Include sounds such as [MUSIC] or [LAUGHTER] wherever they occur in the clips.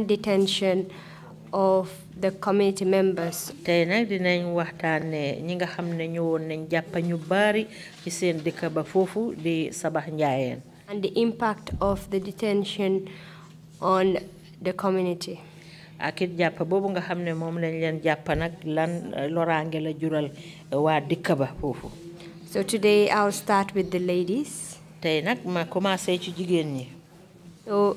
detention of the community members dinañ ñi nga nañ ñu bari ci seen dëkk ba di and the impact of the detention on the community ak jàpp boobu nga xam ne lañ leen jàpp lan la jural dëkk ba so today I'll start with the ladies ma commencé ci ñi so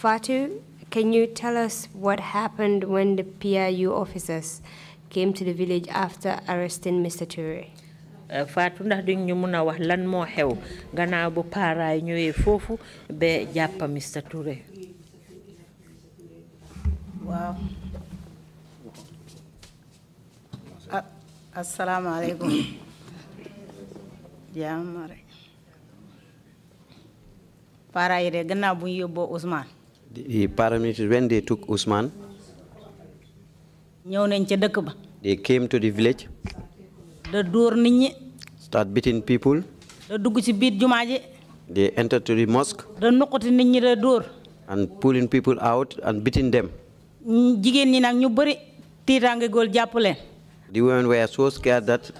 Fatou can you tell us what happened when the PIU officers came to the village after arresting Mr. Ture? Fatou ndax duñ ñu mën a wax lan moo xew gannaaw bu paaraay ñëwee foofu ba jàpp Mr Touré. waaw asalaamaaleykum Yamare. paaraay de gannaaw bu ñu yóbboo Ousmane the paramilitaries, when they took Usman, they came to the village, start beating people, they entered to the mosque, and pulling people out and beating them. The women were so scared that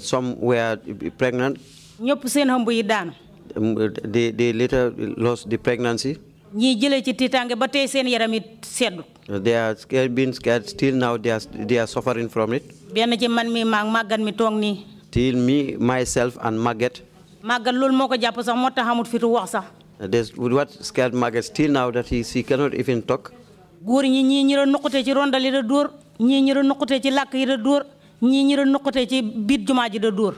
some were pregnant. they, they later lost the pregnancy. ñiy jële ci tiitaange ba tey seen yaram it seddu. they are scared, been scared still now they are they suffering from it. benn ci man mi maag màggat mi toog nii. till me myself and màggat. màggat loolu moo ko jàpp sax moo tax amut fitu wax sax. there's what scared màggat still now that he she cannot even talk. góor ñi ñii ñi la nuqutee ci rondal yi da dóor ñii ñi la ci làkk yi da dóor ñii ñi la nuqutee ci biit jumaa ji da dóor.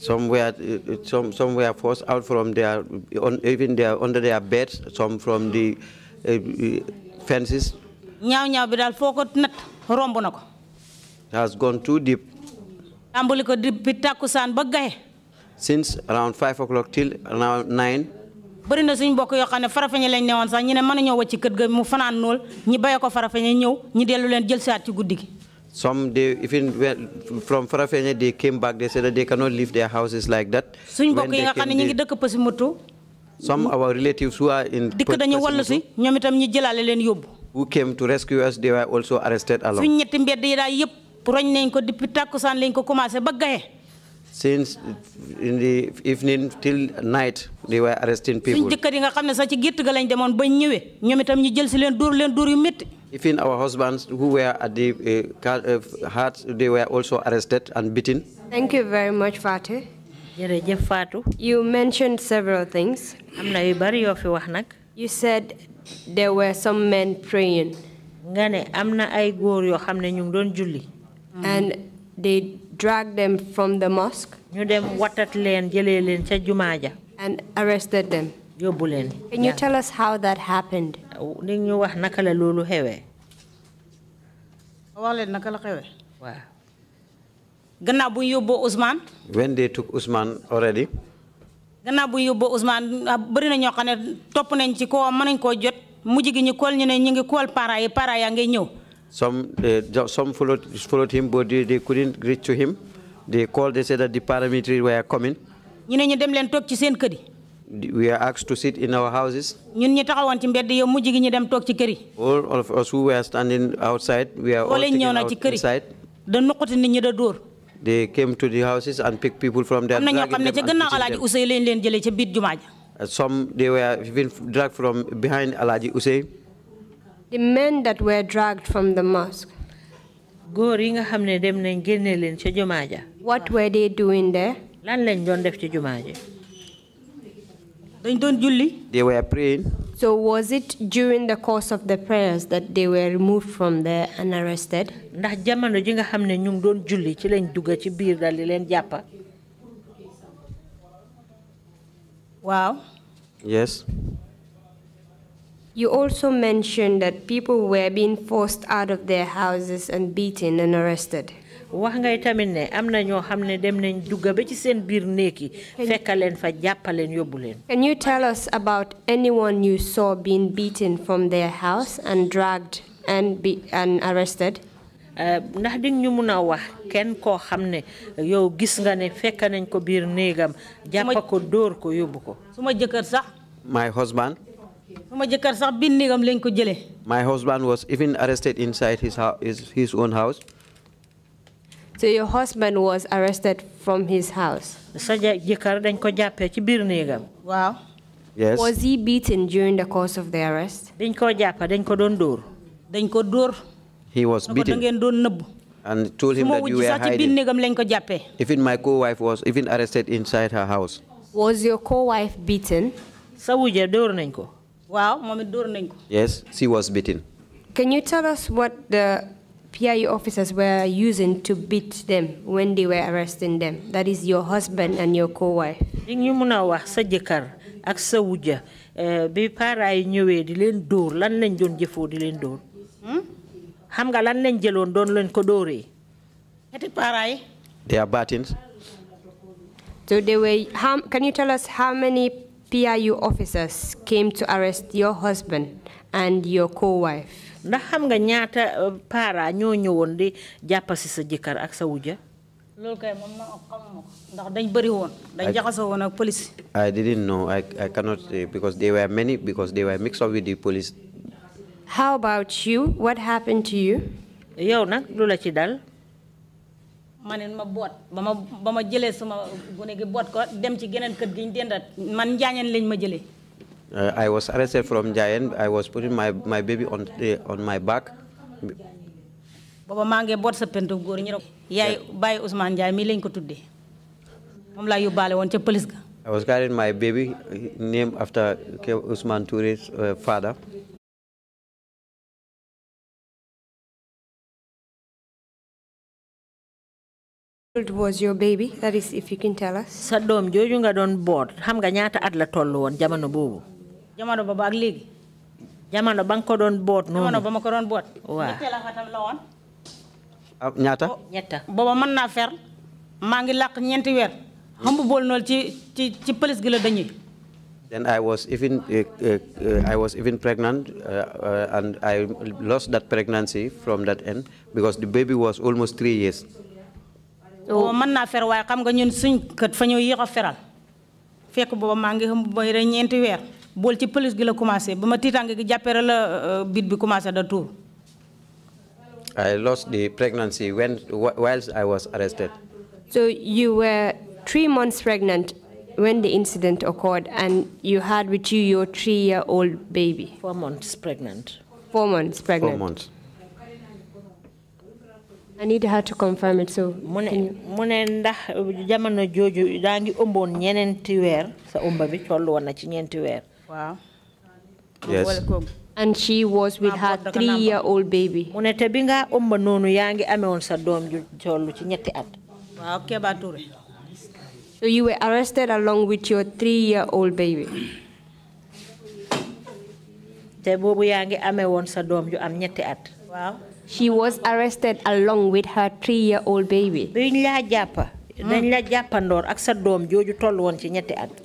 Uh, uh, some were, some, some were forced out from their, on, even their, under their beds, some from the uh, uh fences. It has gone too deep. Since around 5 o'clock till around 9, bari na suñ bokk yoo xam ne farafeñe lañ newoon sax ñu ne mën ñoo wacc kër ga mu fanaan nool ñi baye ko farafeñe ñëw ñi dellu leen jël saat ci guddi Some, they, even from Farafenye, they came back, they said that they cannot leave their houses like that. Suñ bokk yi nga xam ne ñu ngi dëkk Pasimutu. Some our relatives who are in Dikk dañu wall si, ñoom itam ñu jëlaale leen yóbbu. Who came to rescue us, they were also arrested along. Suñ ñetti mbedd yi daal yëpp roñ nañ ko depuis takkusaan lañ ko commencé ba gaye. Since in the evening till night, they were arresting people. Suñ jëkkër yi nga xam ne sax ci gétt ga lañ demoon ba ñëwee, ñoom itam ñu jël si leen dóor leen dóor yu métti. Even our husbands who were at the uh, uh, heart, they were also arrested and beaten. Thank you very much, Fatu. You mentioned several things. You said there were some men praying. And they dragged them from the mosque. And arrested them yóbbu Can you tell us how that happened? li ñu wax naka la loolu xewee. wax leen naka la xewee. waaw. gannaaw bu ñu yóbboo Ousmane. when they took Ousmane already. gannaaw bu ñu yóbboo Ousmane bëri na ñoo xam ne topp nañ ci koo koo jot mujj gi ñu kool ñu ne ñu ngi kool yi yaa ñëw. some uh, some followed followed him but they, they couldn't reach to him. They called, they said that the paramilitary were coming. ñu ne ñu dem leen toog ci seen kër yi we are asked to sit in our houses. all of us who were standing outside. we are all out inside. they came to the houses and picked people from their. am na uh, some they were even dragged from behind the men that were dragged from the mosque. what were they doing there. They were praying. So was it during the course of the prayers that they were removed from there and arrested? Wow. Yes. You also mentioned that people were being forced out of their houses and beaten and arrested wax ngay tamit ne am na ñoo xam ne dem nañ ba ci seen biir néeg yi fa jàppaleen yóbbu leen Can you tell us about anyone you saw being beaten from their house and dragged and be and arrested eh, ndax di ñu mun a wax kenn koo xam ne yow gis nga ne fekk nañ ko biir néegam ko dóor ko yóbbu ko suma jëkkër sax my husband suma jëkkër sax biir néegam lañ ko jëlee my husband was even arrested inside his his own house so your husband was arrested from his house? Wow. Yes. Was he beaten during the course of the arrest? He was beaten and told him that you were hiding. Even my co-wife was even arrested inside her house. Was your co-wife beaten? Wow, Yes, she was beaten. Can you tell us what the P.I.U. officers were using to beat them when they were arresting them? That is your husband and your co-wife. ñu mën a wax sa jëkkër ak sa wujja eh, bi parents yi ñëwee di leen dóor lan lañ doon jëfoo di leen dóor. Hmm? xam nga lan lañ jëloon doon leen ko dóoree. ñetti parents They are batins. So they were. How, can you tell us how many PIU officers came to arrest your husband and your co-wife? ndax xam nga ñaata eh, para ñoo ñëwoon di jàppa sa jëkkër ak sa wujja loolu kay moom ma xam ndax dañ bëri woon dañ woon ak police I didn't know I, I cannot because there were many because they were mixed up with the police How about you what happened to you yow nag lu la ci dal manen ma boot ba ma ba ma jëlee sama gune gi boot ko dem ci geneen kër giñ dendat man lañ ma jëlee Uh, I was arrested from Jayen. I was putting my, my baby on, uh, on my back. Baba maa ngi boot sa pentu góor ñu yaay bàyyi Ousmane Ndiaye mii lañ ko tuddee moom laa yóbbaale woon ca police ga. I was carrying my baby named after Ousmane Touré's uh, father. It was your baby that is if you can tell us. sa doom jooju nga don boot xam nga ñaata at la toll woon jamono boobu. jamono ba ak léegi jamono bang ko don bot non jamono bama ko doon boot xatam la ñaata ñetta oh, man na fer ma ngi làq wer xam bu bol nol ci ci ci police gi la dañuy Then I was even uh, uh, uh I was even pregnant, uh, uh, and I lost that pregnancy from that end because the baby was almost three years. Oh, man na fer way xam nga ñun suñ keut fa feral fekk boba ma ngi xam bo re ñenti wer bool ci pëlis gi la commencé ba ma gi jàppeere la euh, bit bi commencé da tuur I lost the pregnancy when whilst I was arrested. So you were three months pregnant when the incident occurred, and you had with you your three-year-old baby. Four months pregnant. Four months pregnant. Four months. I need her to confirm it. So. mu ndax jamono jooju daa ngi ëmboon ñeneenti weer sa ëmba bi tollu woon na ci ñeenti weer. Wow. yes and she was with her three-year-old baby. mu ne at. so you were arrested along with your three-year-old baby. Wow. ju am at. she was arrested along with her three-year-old baby. biñ at.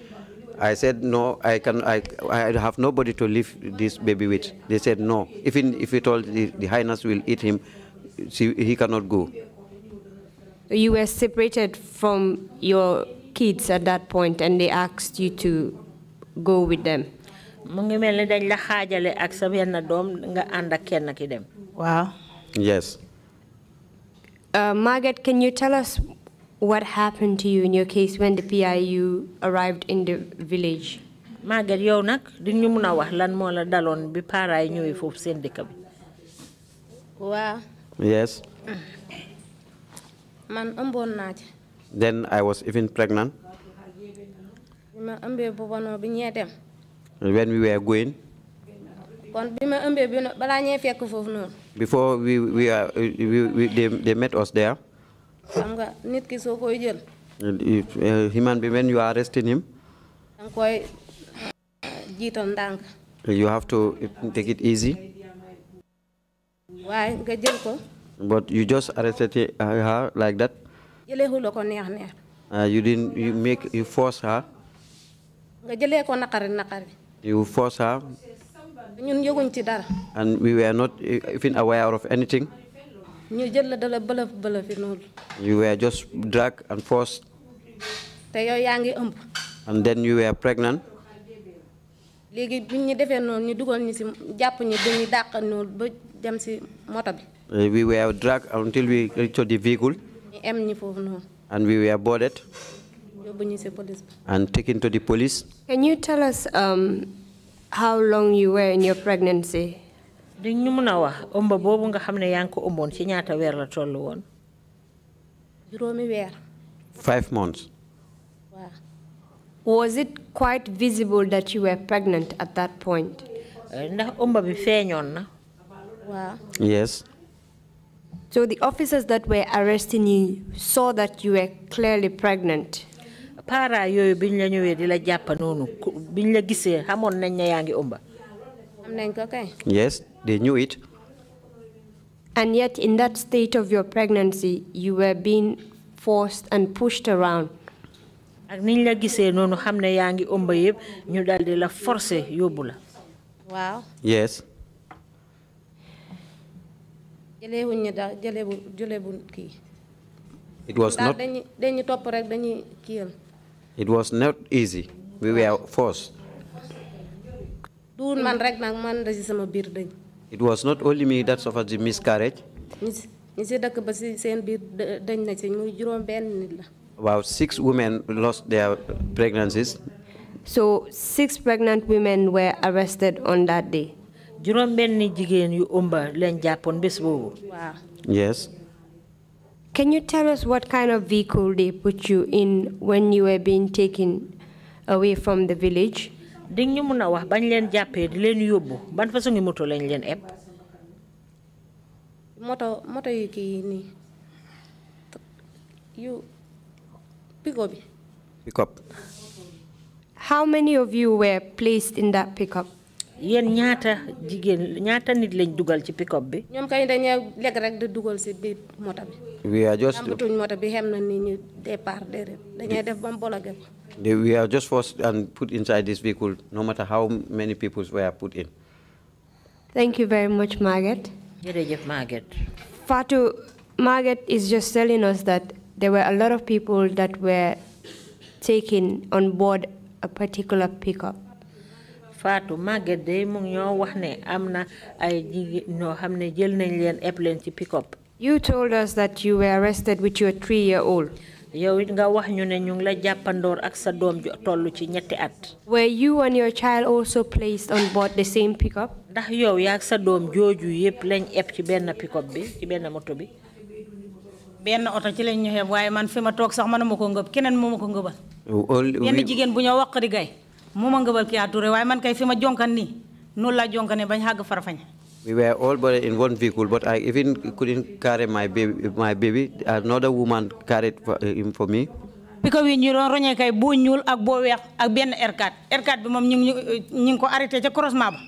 I said, no, I, can, I, I have nobody to leave this baby with. They said, no. Even if we told the, the highness will eat him, she, he cannot go. You were separated from your kids at that point and they asked you to go with them. Wow. Yes. Uh, Margaret, can you tell us what happened to you in your case when the PIU arrived in the village? Magal yow nak di ñu mëna wax lan mo la dalon bi paraay ñëwé fofu seen dëkk bi. Waaw. Yes. [CLEARS THROAT] Man ëmbon na. ci. Then I was even pregnant. Ma ëmbé bobo no bi ñé dem. When we were going. Kon bi ëmbé bi bala ñé fekk fofu non. Before we we, are, we, we they, they met us there xam nga nit ki soo koy jël. Uh, human being when you are arresting him. da nga koy jiital ndànk. you have to take it easy. waaye nga jël ko. but you just arrested uh, her like that. ko neex neex. Uh, you didn't you make you force her. nga jëlee ko naqari naqari. you force her. ñun yëguñ ci dara. and we were not even aware of anything. You were just drug and forced. And then you were pregnant. We were drug until we reached the vehicle. And we were boarded and taken to the police. Can you tell us um, how long you were in your pregnancy? dañ ñu mën a wax ëmba boobu nga xam ne yaa ngi ko ëmboon ci ñaata weer la toll woon. juróomi weer. five months. waaw. was it quite visible that you were pregnant at that point. Eh, ndax bi feeñoon na. waaw. yes. So the officers that were arresting you saw that you were clearly pregnant. Para biñ la di la biñ la nañ ne Yes. They knew it. And yet, in that state of your pregnancy, you were being forced and pushed around. ak niñ la gisee noonu xam ne yaa ngi ëmb yëpp ñu daal di la forcer yóbbu la. waaw. yes. jëleewuñ ñu daal jëleewu jëleewuñ kii. it was not dañuy dañuy topp rek dañuy kiyal. it was not easy. we were forced. duun man rek nag man da si sama biir dañ. It was not only me that suffered the miscarriage. About six women lost their pregnancies. So six pregnant women were arrested on that day. Yes. Can you tell us what kind of vehicle they put you in when you were being taken away from the village? ñu mën a wax bañ leen jàppee di leen yóbbu ban façon ngi moto lañ leen moto moto yu kii nii yu pico bi. pick up. How many of you were placed in that pickup? yéen ñaata jigéen ñaata nit lañ dugal ci pick-up bi. ñoom kay dañuy rek di dugal biir moto bi. we are just amatuñ moto bi xem na ni ñu départ dañuy def we are just forced and put inside this vehicle no matter how many people were put in. Thank you very much, Margaret. Jërëjëf Margaret. Fatu, Margaret is just telling us that there were a lot of people that were taken on board a particular pickup day mu ngi ñoo wax ne am na ay jigéen ñoo xam ne jël nañ leen leen ci pick-up. You told us that you were arrested with your three-year-old. yow it nga wax ñu ne ñu ngi la jàppandoor ak sa doom ju toll ci ñetti at. Were you and your child also placed on board the same pickup? ndax yow yaag sa doom jooju yëpp lañ eb ci benn bi ci benn moto bi. benn oto ci lañ waaye man fi ma toog sax manuma ko ngëb keneen moo ma ko ngëbal. yenn jigéen bu ñoo waq di gay. muma ngabal ki ature way man kay fima jonkan ni no la jonkané bañ hag farfañ we were all but in one vehicle but i even couldn't carry my baby my baby another woman carried uh, him for me because we ñu ron roñé kay bo ñul ak bo wéx ak ben r4 r4 bi mom ñing ñing ko arrêté ci croisement ba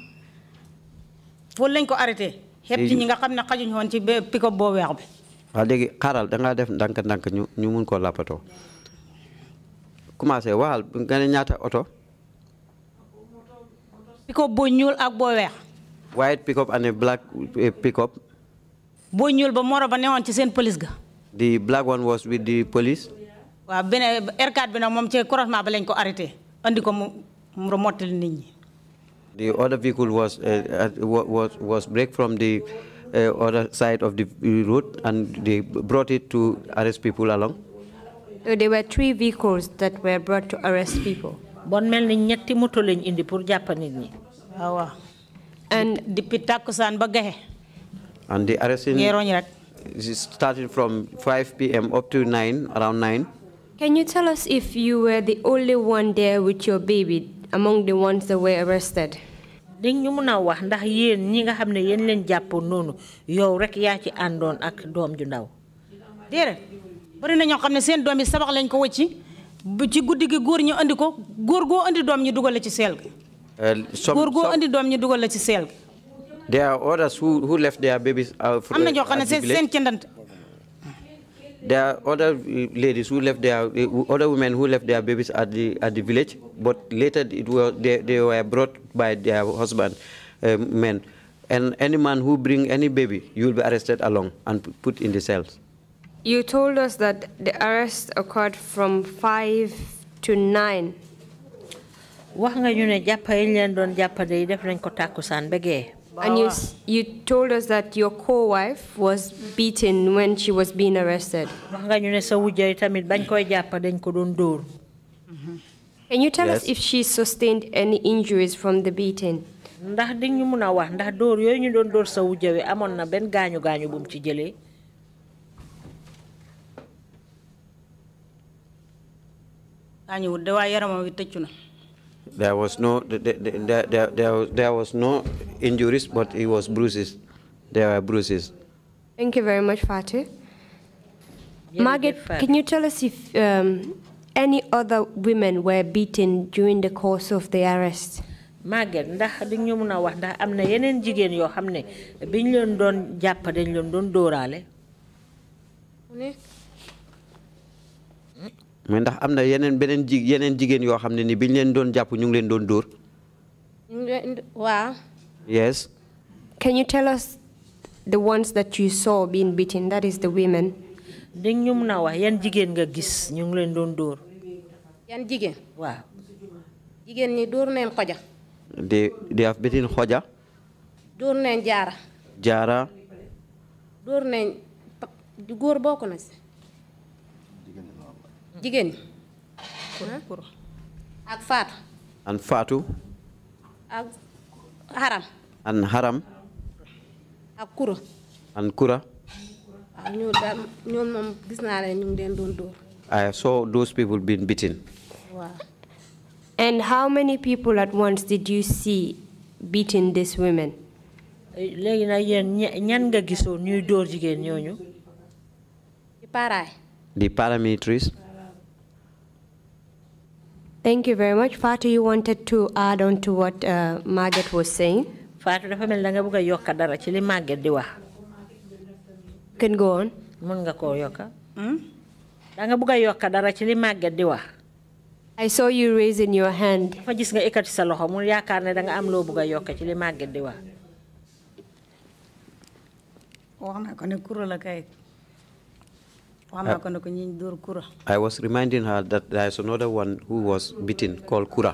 fo lañ ko arrêté hep ci ñi nga xamné xajuñ won ci pick up bo wéx bi wa légui xaral da nga def ndank ndank ñu ñu mën ko lapato commencé waal gane ñaata auto pickup bu ñuul ak bu white pickup and a black eh, pickup. bu ñuul ba moro ba ci seen police ga. the black one was with the police. 4 bi ci croisement ba lañ ko arrêté andi ko mu mu nit ñi. the other vehicle was eh, was was break from the eh, other side of the road and they brought it to arrest people along. So there were three vehicles that were brought to arrest people. bon mel ñetti moto lañ indi pour jàpp nit ñi waaw and depuis takkusaan ba gaxe and the arresting started from 5 p.m. up to 9, around 9. Can you tell us if you were the only one there with your baby among the ones that were arrested? dañ ñu mën a wax ndax yéen ñi nga xam ne yéen leen jàppoon noonu yow rek yaa ci ak doom ju dere déedéet bari na ñoo xam ne seen doom yi sabax lañ gudi wëcci andiko gurgo andi ko góor goo andi uh, andi ñi dugal ci there are others who who left their babies out. am na there are other uh, ladies who left their uh, other women who left their babies at the at the village, but later it were they, they were brought by their husband, uh, men, and any man who bring any baby, you will be arrested along and put in the cells. You told us that the arrest occurred from five to nine and you, you told us that your co-wife was beaten when she was being arrested. Can you tell yes. us if she sustained any injuries from the beating? There was no there, there, there, was no injuries, but it was bruises. There were bruises. Thank you very much, Fatu. Margaret, can you tell us if um, any other women were beaten during the course of the arrest? Margaret ndax di ñu mën a wax ndax am na yeneen jigéen yoo biñ leen doon jàpp dañ leen doon dóoraale mais ndax am na yeneen beneen ji yeneen jigéen yoo xam ne ni biñ leen doon jàpp ñu ngi leen doon dóor. waaw. yes. can you tell us the ones that you saw being beaten that is the women. dégg ñu mun a wax yan jigéen nga gis ñu ngi leen doon dóor. yan jigéen. waaw. jigéen ñi dóor neen xoja. di di af bitin xoja. dóor neen jaara. jaara. dóor neen góor bokk na si. jigéen kur eh, ak fat an fatu ak haram an haram ak kura an kura ah? ah, ñu daal ñoom mom gis na lay ñu den don doon I saw those people been beaten wow and how many people at once did you see beating these women eh, legi na yeen ñan nga gisoon ñuy door jigen ñoñu di paraay di paramilitaries Thank you very much. Fatu, you wanted to add on to what uh, Margaret was saying? Fatu, dafa mel nga bëgg yokka dara ci li Margaret di wax. Can go on. Mën nga ko yokka. Da hmm? nga bëgg yokka dara ci li Margaret di wax. I saw you raising your hand. Dafa gis nga ekati sa loxo mu yaakaar ne da nga am loo bëgg yokka ci li Margaret di wax. Wax na ko ne kuro la kay. I was reminding her that there is another one who was beaten called Kura.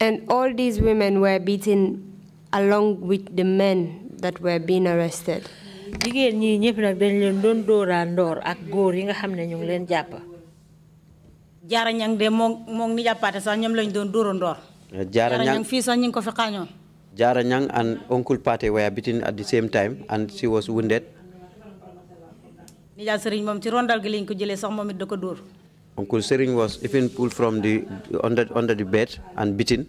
And all these women were beaten along with the men that were being arrested. jaara ñang de moom moom ni jàppaate sax ñoom lañ doon dóora ndoor. Uh, jaara ñang fii sax ñu ngi ko fi xaañoon. jaara ñang and Uncle Pate were beaten at the same time and she was wounded. Nija Serigne mom ci rondal gi lañ ko jëlé sax momit da ko door. Uncle Serigne was even pulled from the under under the bed and beaten.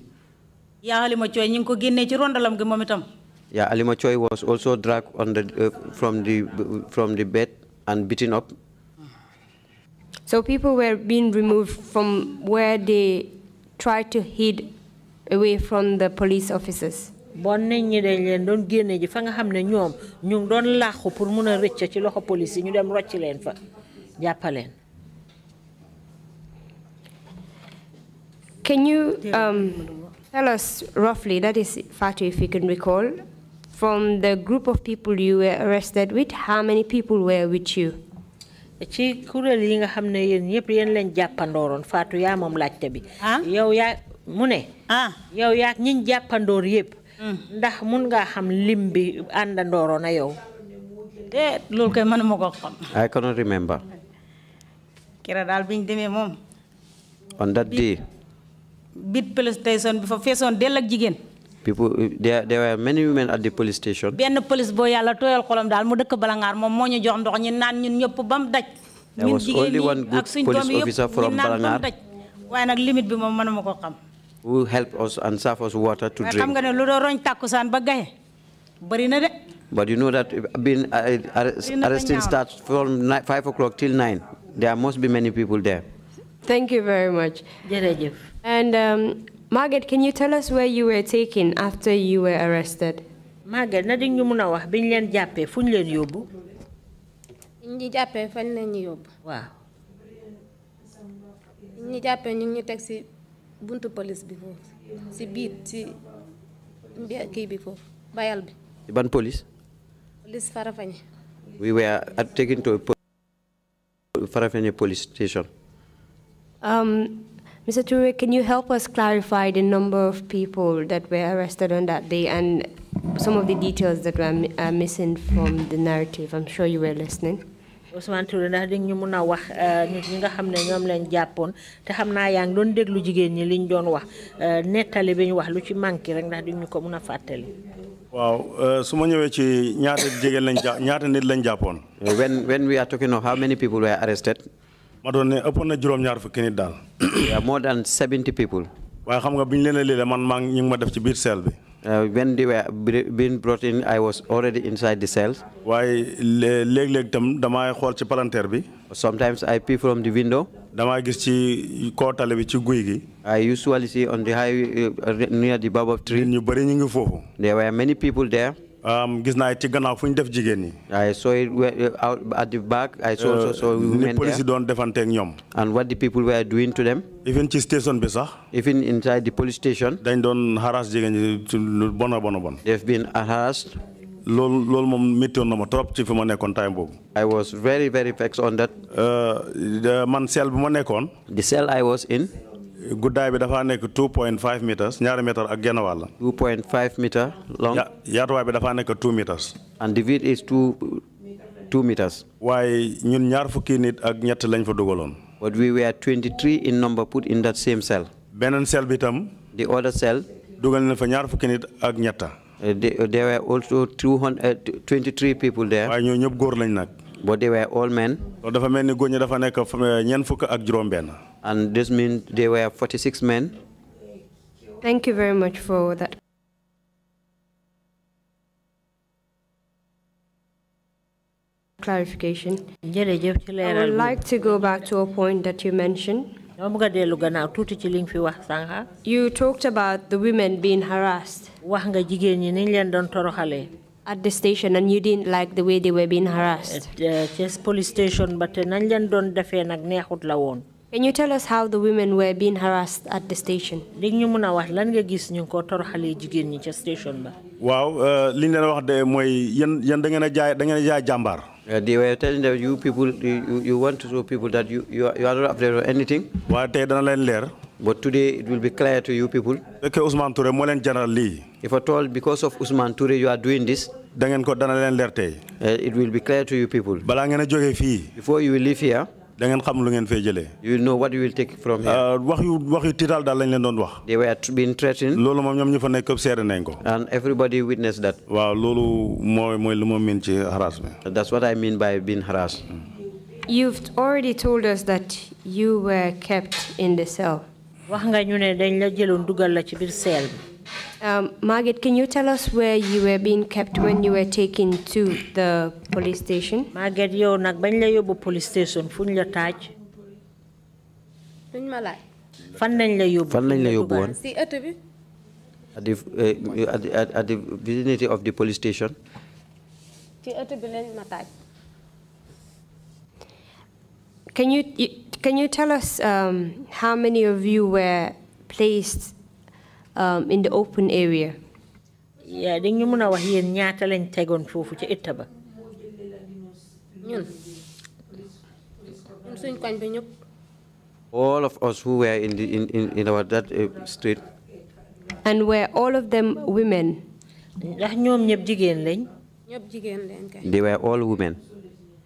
Ya Halima Choy ñing ko génné ci rondalam gi mom itam. Yeah, Alima Choi was also dragged under, uh, from, the, from the bed and beaten up. So people were being removed from where they tried to hide away from the police officers ñi dañ leen doon génne ji fa nga ñoom ñu ngi doon pour rëcc ci loxo police ñu dem leen fa jàppaleen Can you um, tell us roughly, that is Fatu if you can recall, from the group of people you were arrested with, how many people were with you? ci kuréel yi nga xam yéen ñëpp yéen leen jàppandooroon Fatou yaa moom laajte bi. Ah? yow yaa mu ne. Ah. yow yaa ñiñ yëpp. ndax mun nga xam limbi bi àndandooro na yow de eh, lool kay man ko xam I cannot remember kira dal biñ demee mom on that day bit police station bi fa fesson del ak jigen people there there were many women at the police station ben police boy yalla toyal xolam dal mu dekk balangaar moom moo ñu jox ndox ñi naan ñun ñëpp bam daj ñun there was only one good police officer from balangaar way nak limite bi mom manuma ko xam who help us and serve us water to drink. But you know that being arresting starts from 5 o'clock till 9. There must be many people there. Thank you very much. And um, Margaret, can you tell us where you were taken after you were arrested? Margaret, nothing you muna wah biñ jape jappé fuñ leen yobbu? Ñi jappé taxi buntu police before. si biit si kii bi foofu bayal bi. ban police. police Farafenni. we were at taken to Farafenni police station. Um, Mr. Toure, can you help us clarify the number of people that were arrested on that day and some of the details that were uh, missing from the narrative? I'm sure you were listening. Ousmane Touré ndax di ñu mun a wax nit euh, ñi nga xam ne ñoom lañ jàppoon te xam naa yaa ngi doon déglu jigéen ñi liñ doon wax euh, nettali bi ñu wax lu ci manqué rek ndax di ñu ko mun a fàttali. waaw euh, su ma ñëwee ci ñaata jigéen lañ ja ñaata nit lañ jàppoon. wenn when we a talking of how many people were arrested. ma doon ne ëppoon na juróom-ñaar fukki nit daal. [COUGHS] more than 70 people. waaye xam nga biñ leen a lii man maa ngi ñu ngi ma def ci biir seel bi. Uh, when they were being brought in, I was already inside the cells. sometimes I pee from the window. I usually see on the highway uh, near the baobab tree. there were many people there. Um, gis ci gannaaw def ñi. I saw it at the back. I saw also saw uh, women there. ni police doon defanteeg ñoom. and what the people were doing to them. even ci station bi sax. even inside the police station. dañ doon harass jigéen ci bon they've been harassed. na ma trop ci time I was very very vexed on that. Uh, uh, man cell ma the cell I was in guddaay bi dafaa 2.5 meters ñaari mètre ak genn 2.5 meter long. ya yaatuwaay bi 2 meters. and the width is 2 2 meters. waaye ñun ñaar fukki nit ak ñett lañ fa but we were 23 in number put in that same cell. Benon cell bi tam. the other cell. dugal nañ fa ñaar fukki nit ak ñetta. Uh, uh, there were also 200 uh, 23 people there. waaye ñoo lañ but they were all men. loolu dafa mel ni dafa fukk ak juróom-benn. And this means there were 46 men. Thank you very much for that. clarification. I would like to go back to a point that you mentioned. You talked about the women being harassed at the station and you didn't like the way they were being harassed. Yes, euh, police station, but can you tell us how the women were being harassed at the station? Wow, Linda, mën a wax lan nga gis ñu euh, uh, they were telling that you people you, you want to show people that you you are, not afraid of anything. But today it will be clear to you people. If at all, because of Usman Ture, you are doing this, uh, it will be clear to you people. Before you leave here, da ngeen xam lu ngeen fay jëlee. you know what you will take from here. Ah, wax yu wax yu tiitaal daal lañ leen doon wax. they were being threatened. loolu moom ñoom ñu fa nekk képp seere nañ ko. and everybody witnessed that. waaw loolu mooy mooy lu ma miin ci harassment. that's what I mean by being harassed. You've already told us that you were kept in the cell. wax nga ñu ne dañ la jëloon dugal la ci biir cell um, Margaret, can you tell us where you were being kept when you were taken to the police station? Margaret, yo nak bañ la yóbbu police station fuñ la taaj. Duñ ma laaj. Fan lañ la yóbbu? Fan lañ la yóbbu woon? Si ëtt bi. At the, uh, at, at, at the vicinity of the police station. Ci ëtt bi lañ ma taaj. Can you, can you tell us um, how many of you were placed um, in the open area? Yeah, then you know what here, ñaata lañ tégon fofu ci état ba? All of us who were in the in in, in our that uh, street. And were all of them women? They were all women.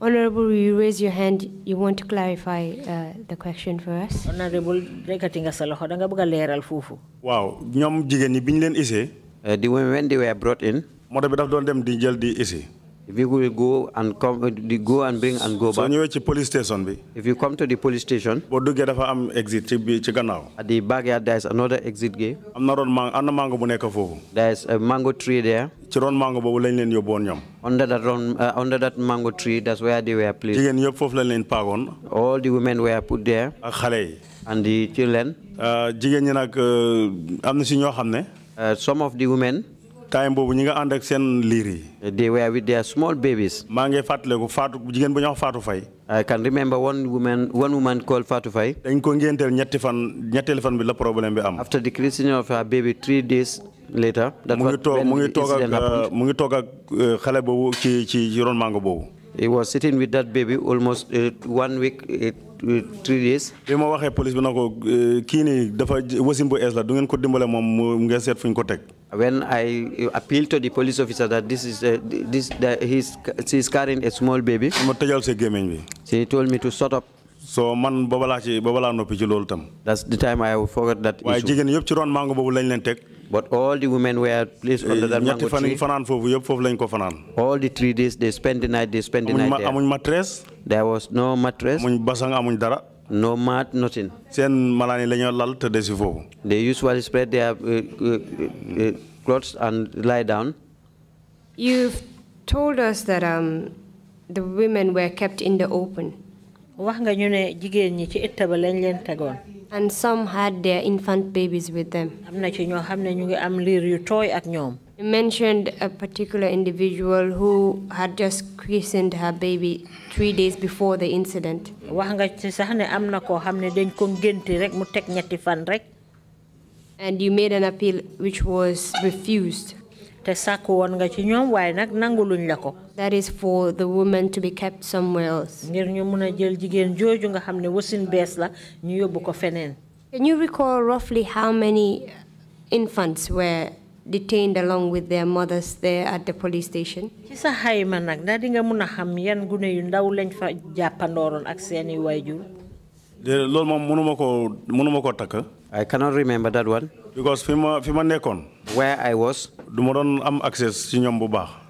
Honorable, will you raise your hand. You want to clarify uh, the question for us? Honorable, rekati nga sa loxo da nga bëgg leral fofu. Waaw, ñom jigen ni biñ leen isé. Uh, when they were brought in. Moto bi daf doon dem we will go and come, uh, go and bring and go so back. So went to police station be? If you come to the police station. boo duggee dafa am exit ci check now. At the backyard there is another exit gate. i am not on mango i am on mango bu nekk foofu. There is a mango tree there. ci ron mango boobu lañ leen yóbboon ñoom. Under that uh, under that mango tree that's where they were placed. jigéen yëpp foofu lañ in pagon. All the women were put there. ak xale And the children. Uh, jigéen ñi nag uh, am na si ñoo xam Some of the women. time boobu ñi nga ànd ak seen liir yi. Uh, they were with their small babies. maa ngi fàttaliku Fatou jigéen bu ñu wax Fatou Faye. I can remember one woman one woman called Fatou Faye. dañ ko ngénteel ñetti fan ñetteelu fan bi la problème bi am. after the christening of her baby three days later. that was when the incident happened uh, mu ngi toog ak uh, xale boobu ci ci ron mango boobu. he was sitting with that baby almost one week three days. bi ma waxee police bi na ko kii nii dafa wasin bu ees la du ngeen ko dimbale moom mu ngeen seet fu ñu ko teg. when I appealed to the police officer that this is uh, this that he's she's carrying a small baby. she told me to shut up. so man booba laa ci booba that's the time I forgot that issue. but all the women were placed under that mango tree. all the three days they spend the night they spend the night there. there was no mattress no mat, nothing. They usually spread their uh, uh, uh, clothes and lie down. You've told us that um, the women were kept in the open. And some had their infant babies with them. You mentioned a particular individual who had just christened her baby three days before the incident. and you made an appeal which was refused. that is for the woman to be kept somewhere else. can you recall roughly how many infants were detained along with their mothers there at the police station. ci sa xayma nag nga mun a xam yan gune yu ndaw lañ fa jàppandooroon ak seeni waajur. loolu moom mënuma koo mënuma I cannot remember that one. because fi ma fi where I was. du ma am access ci ba.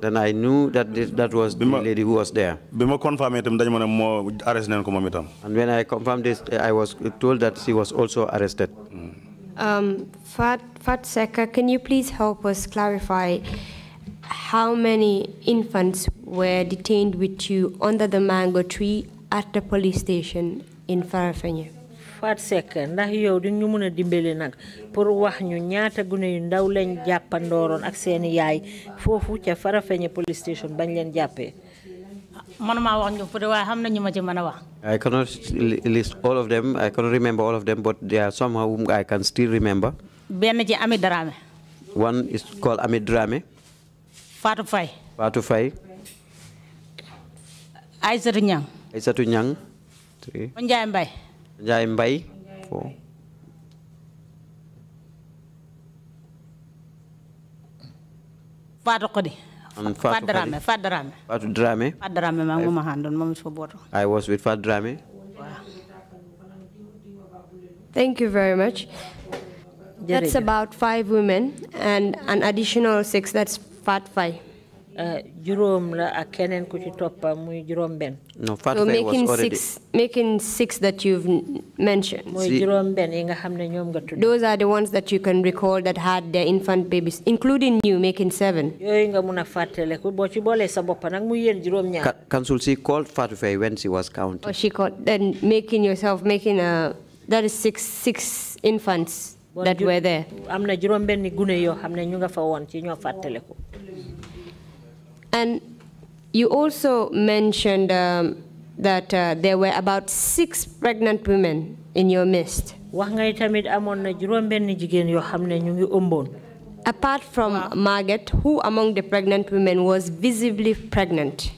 then I knew that this, that was the lady who was there. confirm And when I confirmed this eh, I was told that she was also arrested. Um, Fat Fat Seka, can you please help us clarify how many infants were detained with you under the mango tree at the police station in Farafenye? faat Seck ndax yow di ñu mën a dimbali nag pour wax ñu ñaata gune yu ndaw lañ jàppandooroon ak seen yaay foofu ca Farafeñe police station bañ leen jàppee manuma wax ñu de waaye xam na ñu ma ci mën a wax I cannot list all of them I cannot remember all of them but there are some whom I can still remember benn ci Ami Drame one is called Ami Drame. Fatou Faye Fatou Faye Aïssatou Niang Aïssatou Niang Onjaye Mbaye Penjaim by 4. Fatou Kodi. And Fatou Fadrame. Fadrame. Drame. Fadrame, ma handon, mama soboto. I was with Fatou Drame. Thank you very much. That's about five women and an additional six, that's Fat Five. Eh, juróom la ak keneen ku ci toppa muy no was making six that you've mentioned. yi nga nga those are the ones that you can recall that had their infant babies including you making seven. yooyu nga ci sa yéen ñaar. council she called Fatou when she was counting. oh she called then making yourself making a that is six six infants. that were there. gune ñu nga fa ci and you also mentioned um, that uh, there were about six pregnant women in your midst. Apart from wow. Margaret, who among the pregnant women was visibly pregnant?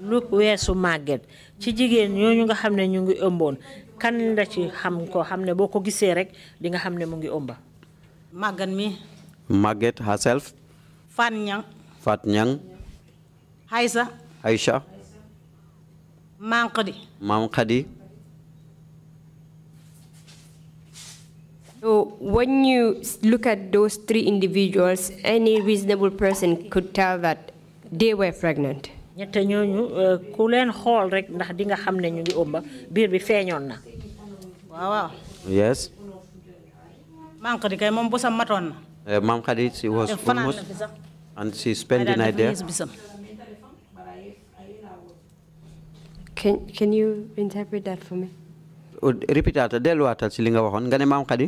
Look where so Margaret. Ci jigen ñoñu nga xamne ñu ngi ëmbon kan la ci xam ko xamne boko gisee rek di nga xamne mu ngi ëmba. Margaret mi. Margaret herself. Fatnyang. Fatnyang. Haïsa. Aïcha. Mankadi. Mankadi. So when you look at those three individuals, any reasonable person could tell that they were pregnant. Uh, yes. maam Khady kay eh, she was almost and she spent the night there. can can you interpret that for me répétata delluwaatal ci li nga waxoon nga ne maam Kadi.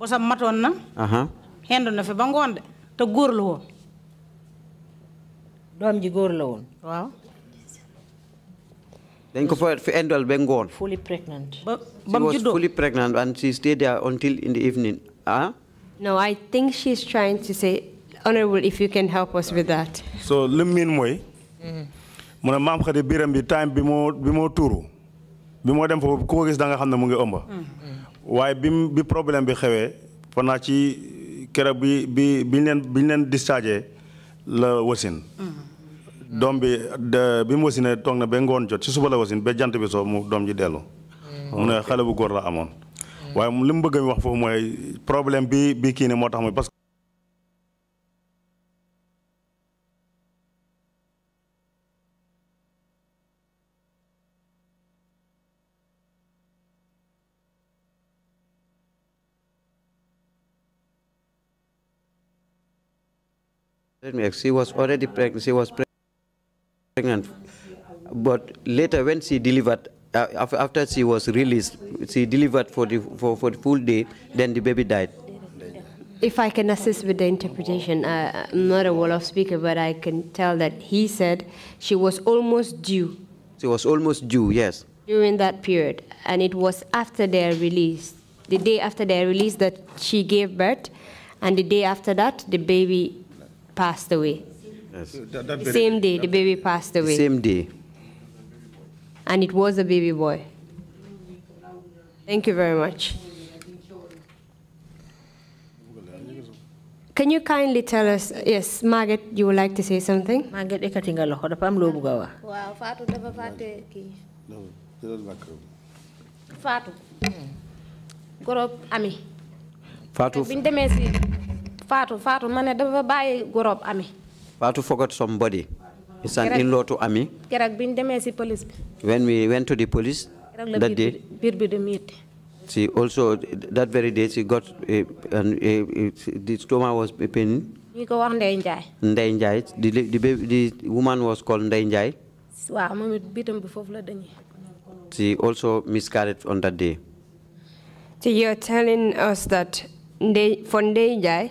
bosam matoon na Uh-huh. fi ba ngoon de te góor la woon doom ji góor la woon waaw dañ ko fa fi endol ba ngoon fully pregnant ba ba mu juddoo fully pregnant and she stayed there until in the evening ah no I think she's trying to say honorable if you can help us with that so li mu miin mm-hmm. mu ne maam xadi biram bi time bi moo bi moo tuuru bi moo dem foofu ku ko gis da xam ne mu ngi ëmba mm. waaye bi bi problème bi xewee pendant ci keroog bi bi bi leen bi leen dischargé la wasin mm. doom bi bi mu wasinee toog na ba ngoon jot ci suba la wasin ba jant bi soo mu doom ji dellu mm. mu ne xale bu góor la amoon waaye li mu bëgg a wax foofu mooy problème bi kii ne moo tax muy She was already pregnant. She was pregnant, but later when she delivered, uh, after she was released, she delivered for the for, for the full day. Then the baby died. If I can assist with the interpretation, uh, I'm not a Wolof speaker, but I can tell that he said she was almost due. She was almost due, yes. During that period, and it was after their release, the day after their release that she gave birth, and the day after that, the baby passed away. Yes. That, that baby, same day, the baby passed away. Same day. And it was a baby boy. Thank you very much. Can you kindly tell us, yes, Margaret, you would like to say something? Margaret, I loho, dafa am lo buga wa. Wow, Fatu dafa fatu No, back Fatu. Hmm. Gorop ami. Fatu. Fatou Fatou ma dafa gorob ami. forgot somebody. It's an in-law to ami. when we went to the police. that day biir she also that very day she got a, an, a, a, the stomach was paining. You go on the the the woman was called Ndeye Ndiaye. waaw moom it bitam bi foofu la dañuy. she also miscarried on that day. So you're telling us that for Ndeye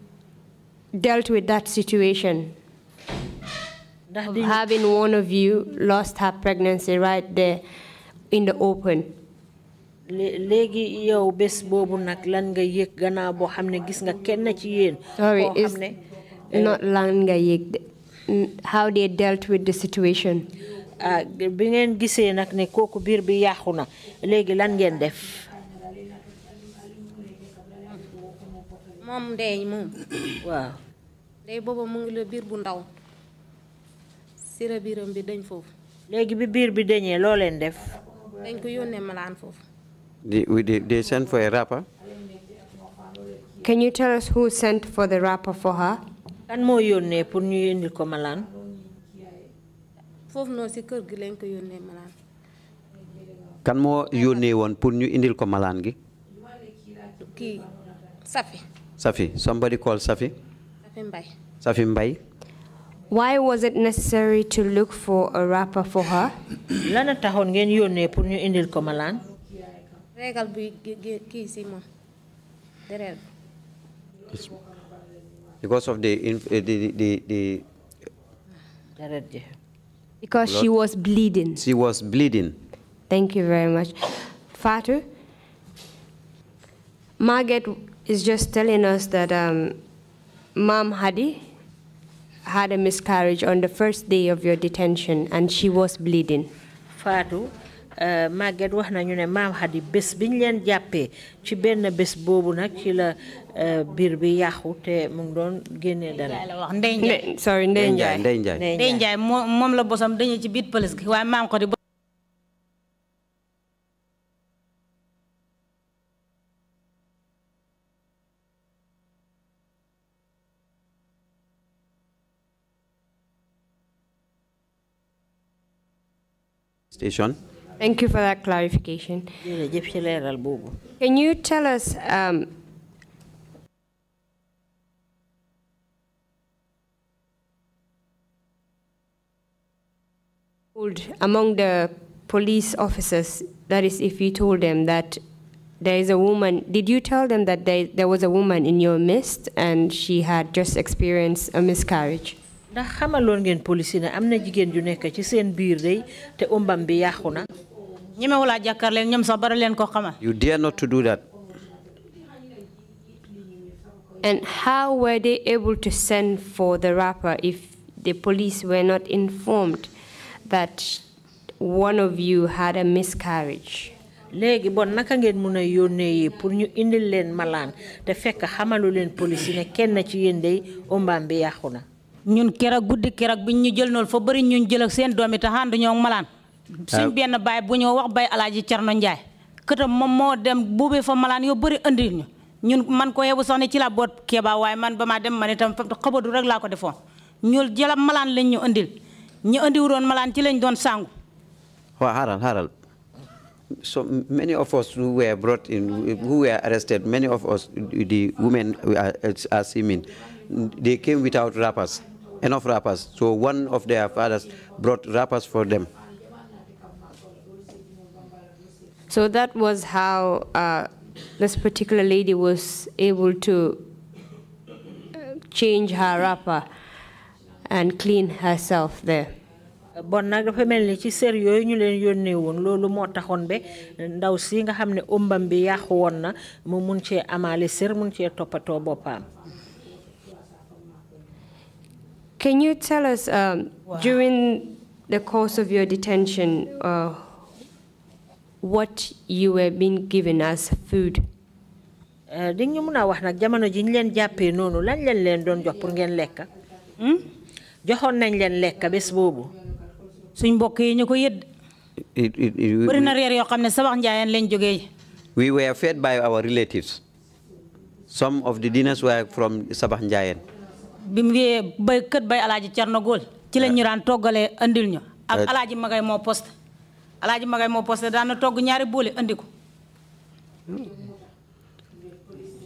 dealt with that situation of having one of you lost her pregnancy right there in the open? yow bés lan nga gis nga kenn ci yéen. sorry is eh, not lan nga how they dealt with the situation. Ah, bi ngeen gisee ne bi lan ngeen def. moom ngi bu ndaw sira bi dañ bi bi def dañ ko sent for a rapper can you tell us who sent for the rapper for her kan mo yónnee pour ñu indil ko kër gi ko kan pour ñu indil ko gi safi Safi, somebody call Safi. Safi Mbai. Safi Mbai. Why was it necessary to look for a rapper for her? Lana tahon ngeen yone pour ñu indil ko malan. Regal bi ki ci mo. Derel. Because of eh, the the the, the because she was bleeding. She was bleeding. Thank you very much. Fatu, Margaret is just telling us that um, Mom Hadi had a miscarriage on the first day of your detention and she was bleeding. Fatou, uh, Maguette wax nañu ne Maam Hadi bés biñ leen jàppee ci benn bés boobu nag uh, te mu ngi doon génnee dara. sorry Ndeye Ndiaye Ndeye Ndiaye moom la bosam dañu ci biir police gi waaye maam ko di station. Thank you for that clarification. Can you tell us um, among the police officers, that is if you told them that there is a woman, did you tell them that there was a woman in your midst and she had just experienced a miscarriage? ndax xamaloon ngeen police ne am na jigéen ju nekk ci seen biir dey te umbam bi yàqu na. ñemewu laa jàkkaar leen ñoom sax bara leen ko xamal. you dare not to do that. And how were they able to send for the rapper if the police were not informed that one of you had a miscarriage? léegi bon naka ngeen mun a yónnee pour ñu indil leen malaan te fekk xamalu leen police ne kenn ci yéen day ombaam bi yàqu na ñun kéra gudd keroog biñ ñu jël nol fa bari ñun jël ak seen doomi te xandu ñoo malaan suñ ah. benn bay bu ñoo wax bay alaaji Cerno Njaay këtam moom mo dem bubé fa malaan yo bari andi ñu ñun man ko yebu sax ne ci la bot keebaa way man bama dem man itam xabadu rek la ko defo ñul jël malaan lañ ñu andil ñu andi doon malaan ci lañ doon sangu wa haral haral so many of us who were brought in, who were arrested, many of us, the women are, are seeming, they came without wrappers. enough wrappers. So one of their fathers brought wrappers for them. So that was how uh, this particular lady was able to uh, change her wrapper and clean herself there. bon ci sër ñu leen ndaw si nga bi na mu mun sër mun can you tell us um, wow. during the course of your detention uh, what you were being given as food? Eh, lan bés hmm? na we were fed by our relatives some of the dinners were from sabax Jaya. bi mu wiyee bay kët bay alaaji Cerno Góol ci la ñu eh. daan toggalee andil ñu ak eh. alaaji magay moo poste alaaji magay moo poste daan na togg ñaari boole andi ko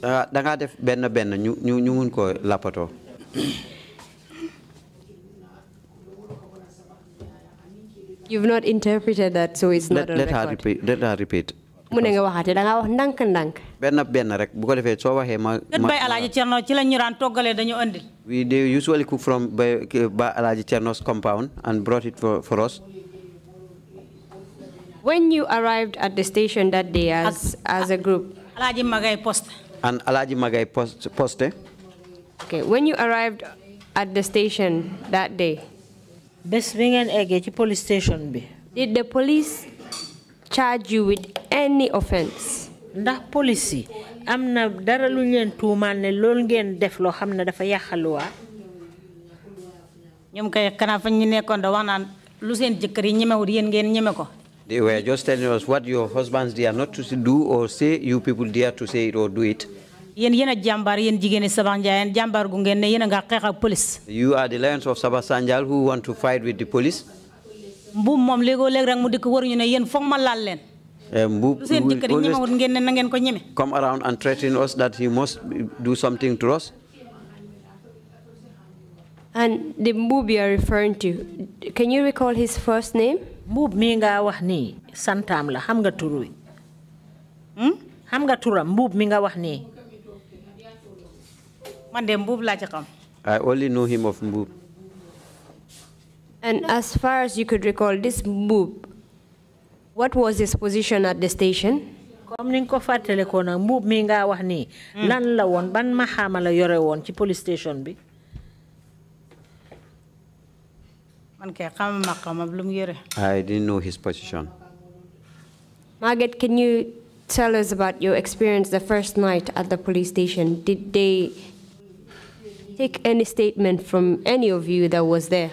ah, da ngaa def benn benn ñu ñu ñu mun koo You've not interpreted that, so it's not let, let Her repeat, let her repeat. mu ne nga da wax ndànk-ndànk. rek bu ko ma. Cerno ci dañu we they usually cook from Baye Cerno's compound and brought it for for us. when you arrived at the station that day as as a group. Alaaji Magay Poste. and Alaaji Magay Poste Poste. okay when you arrived at the station that day. bés bi ngeen ci police station bi. did the police charge you with any offense. ndax policy am na dara lu leen tuumaal ne loolu ngeen def loo xam ne dafa yàqaluwaa ñoom kay kanaa fa ñu nekkoon da wax naan lu seen jëkkër yi ñemewut yéen ngeen ñeme ko They were just telling us what your husbands dare not to do or say, you people dare to say it or do it. You are the lions of Sabah Sanjal who want to fight with the police rek mu ne yéen ma eh, come around and threaten us that he must do something to us. and the mbuub you are referring to can you recall his first name. mbuub mi nga wax nii santaam la xam nga tur wi. Hmm? xam nga turam mi nga wax man de ci xam. I only know him of mbuub. And as far as you could recall, this MOOB, what was his position at the station? comme ni nga ko fàttale ko nag mbuub mi nga wax nii hmm. lan la woon ban maxaama la yore woon ci police station bi man kay xam maxaama lu mu yore I didn't know his position Margaret can you tell us about your experience the first night at the police station did they take any statement from any of you that was there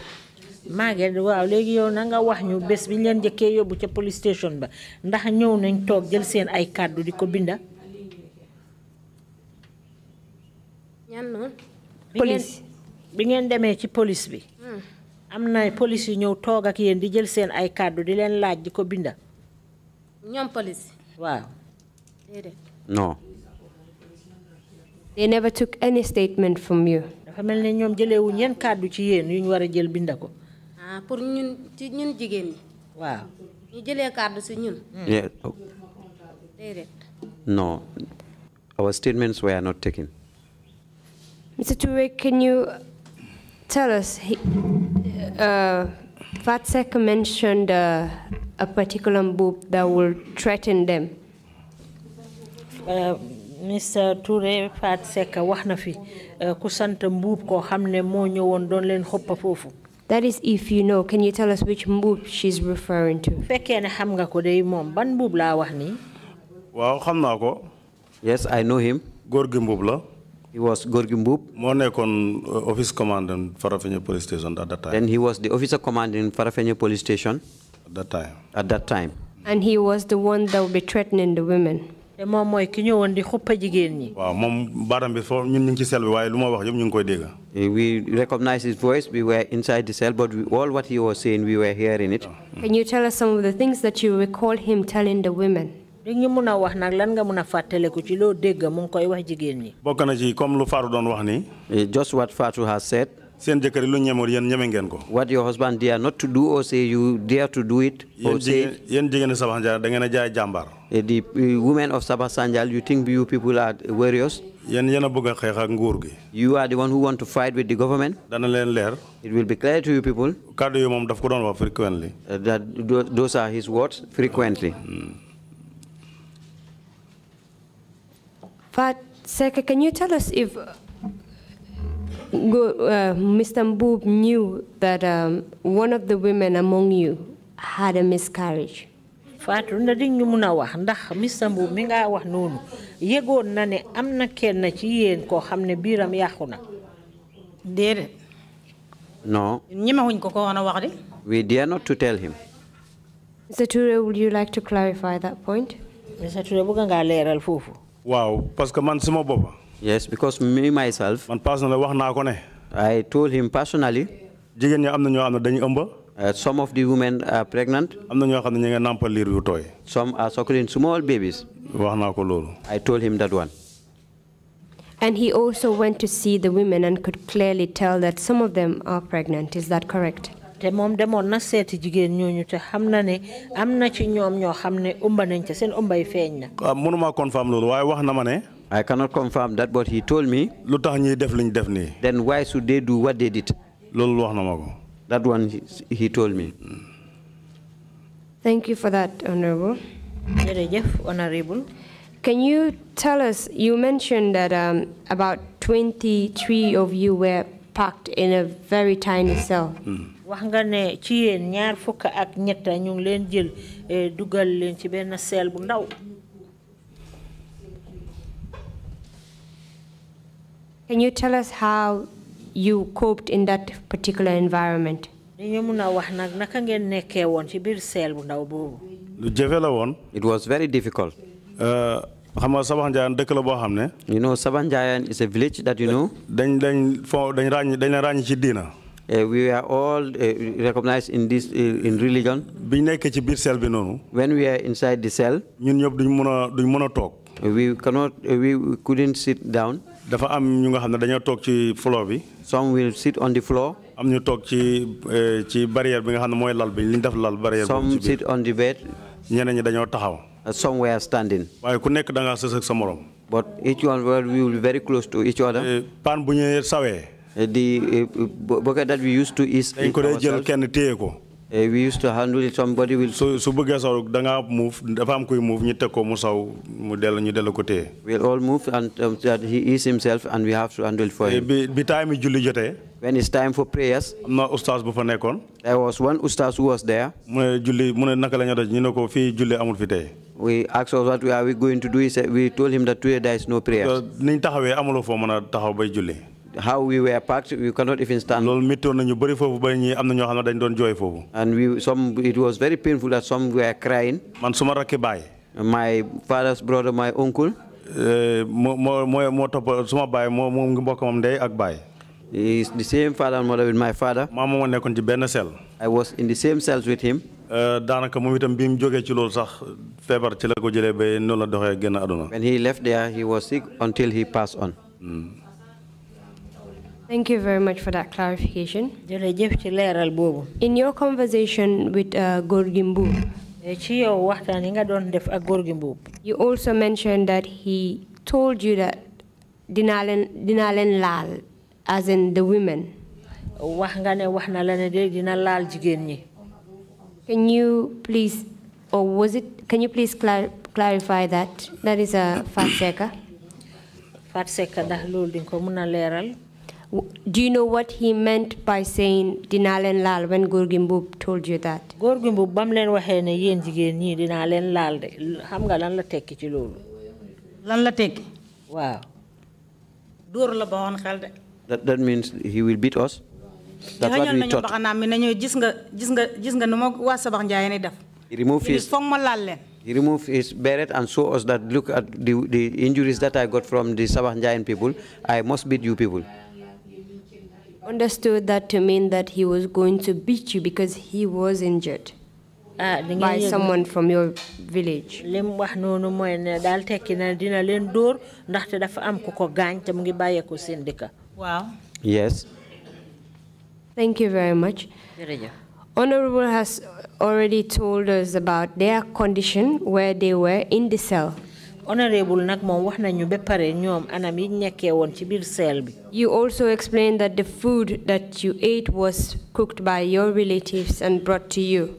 Maguette waaw yow na nga wax ñu bés bi leen yóbbu police station ba ndax ñëw nañ toog jël seen ay kàddu di binda ñan noonu police bi ngeen demee ci police bi hmm. na police yu ñëw toog ak yéen di jël seen ay di leen laaj binda police waaw non they never took any statement from you ah pour ñun ci ñun jigéen ñi. waaw ñu jëlee kàddu si ñun. Hmm. Oh. déedéet. our statements were not taken. Mr. Toure, can you tell us? He, uh, Vatsek mentioned uh, a particular book that will threaten them. Uh, Mr. Touré Fat Seck wax na fi uh, ku sant mbuub koo xam ne moo ñëwoon doon xoppa foofu that is if you know. Can you tell us which mboob she's referring to? yes I know him. He was Gorgi Mbub. Moo nekkoon uh, office commandant Farafenni police station at that time. Then he was the officer commanding Farafenni police station. At that time. At that time. And he was the one that would be threatening the women ki ñëwoon di xuppa jigéen ñi. waaw bi ñun ñu ci sel bi wax ñu ngi koy dégg. Eh, we recognize his voice we were inside the cell but we, all what he was saying we were hearing it. Can you tell us some of the things that you recall him telling the women. di ñu wax lan nga ci dégg mu ngi koy wax jigéen ñi. bokk na ci comme lu doon wax eh, just what Fatu has said seen lu yéen ñeme ngeen ko. what your husband dare not to do or say you dare to do it. or say yéen Sabah Sanjal da jaay eh, the eh, women of Sabah Sanjal you think you people are warriors. yéen bëgg ak nguur gi. you are the one who want to fight with the government. dana leen leer. it will be clear to you people. kàddu yi mom daf ko doon wax frequently. Eh, that those are his words frequently. But Seka, can you tell us if uh, Mr. Mboob knew that um, one of the women among you had a miscarriage. Fatu, na di ñu mën a wax ndax Mr. Mboob mi nga wax noonu na ne am na kenn ci yéen koo xam ne biiram yàqu na. déedéet. non. ñemewuñ ko ko woon a we dare not to tell him. Mr. Ture, would you like to clarify that point? Mr. Ture, bëgg nga leeral foofu. waaw parce que baba. Yes, because me myself. Man personally I told him personally. Uh, some of the women are pregnant. some are suckling small babies. I told him that one. And he also went to see the women and could clearly tell that some of them are pregnant. Is that correct? te moom demoon na seeti jigéen ñooñu te xam ne am na ci ñoom ñoo ah, confirm na I cannot confirm that, but he told me. lu tax ñuy def li def nii. then why should they do what they did. loolu wax na ma ko. that one he, he told me. Thank you for that, Honorable. Jeff, Honorable. Can you tell us? You mentioned that um, about 23 of you were packed in a very tiny cell. wax nga ne ci yéen ñaar fukk ak ñett ñu ngi leen jël eh, dugal leen ci cell bu Can you tell us how you coped in that particular environment? It was very difficult. Uh, you know Sabanjayan is a village that you know. dañ eh, we are all eh, recognized in this in religion. when we are inside the cell. we cannot we couldn't sit down. dafa am ñu nga xam ne dañoo toog ci floor bi. some will sit on the floor. am ñu toog ci eh, ci barrière bi nga xam ne mooy lal bi li ñu def lal barrière. some sit on the bed. ñeneen ñi dañoo taxaw. Uh, some were standing. waaye ku nekk da ngaa sa morom. but each one well we will be very close to eh, bu ñu sawee. di eh, bucket that we used to is. dañ ko dee jël kenn téye ko. Uh, we used to handle it, somebody will... So, so bëgg saw da nga move, dafa am koy move, ñu teg ko mu saw, mu del ñu del ko we We'll all move and um, that he is himself and we have to handle it for eh, him. Bi, bi time julli jotee. When it's time for prayers. Am na ustaas bu fa There was one ustaas who was there. Mu ne julli, mu ne naka ko fi julli amul fite. We asked us what we are we going to do, he said, we told him that today there is no prayers. Niñ taxawee amuloo foo mën bay julli how we were packed, we cannot even stand. and we some it was very painful that some were crying. man suma rakki baay. my father's brother my uncle. Eh, moo moo moo moo topp suma baay moo moo ngi mbokkam ndey ak baay. the same father and mother with my father. maa moom nekkoon ci benn sel. I was in the same cells with him. Eh, daanaka moom itam bi mu jógee ci loolu sax feebar ci la ko jëlee when he left there he was sick until he passed on. Hmm. Thank you very much for that clarification. in your conversation with uh, Gorgui you also mentioned that he told you that Dinalen Dinalen Lal, as in the women. can you please or was it can you please clarify that that is a farseka. Farseka. Fat Seka ndax loolu do you know what he meant by saying "dinalen lal" when Góor told you that? Góor gi Mbuub bam leen waxee ne yéen jigéen ñi dinaa leen de xam lan la tekki ci lan la tekki. Wow. Dur la ba xel de. That, that means he will beat us. That's what we thought. mi nañu gis nga gis nga gis nga Sabax Njaay ni def. He removed his. He his beret and showed us that look at the, the injuries that I got from the Sabah Njayan people. I must beat you people understood that to mean that he was going to beat you because he was injured ah, by someone from your village. lim wax ne tekki na dina dafa am te mu ngi yes. thank you very much. Honorable has already told us about their condition where they were in the cell honorable pare anam yi ci bi. you also explained that the food that you ate was cooked by your relatives and brought to you.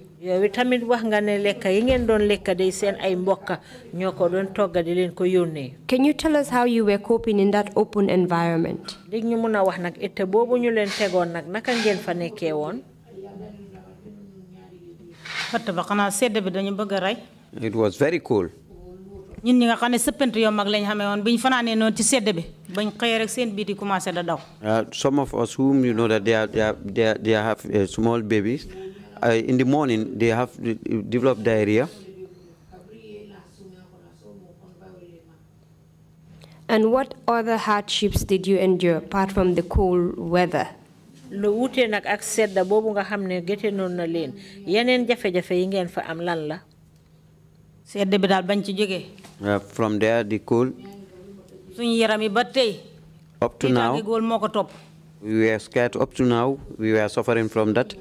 tamit wax nga ne lekka yi ngeen doon lekka day seen ay mbokka doon togga di leen ko can you tell us how you were coping in that open environment. ñu wax ete ñu leen naka ngeen fa it was very cool ñun ñi nga mag lañ ci bi bañ rek seen commencé da daw. Uh, some of us whom you know that they are they are they are they have uh, small babies uh, in the morning they have developed diarrhea. And what other hardships did you endure apart from the cold weather? ak sedda nga na leen jafe-jafe yi ngeen fa am lan la sedd bi bañ ci uh, from there the cold. suñu yaram yi up to now we were scared up to now we were suffering from that.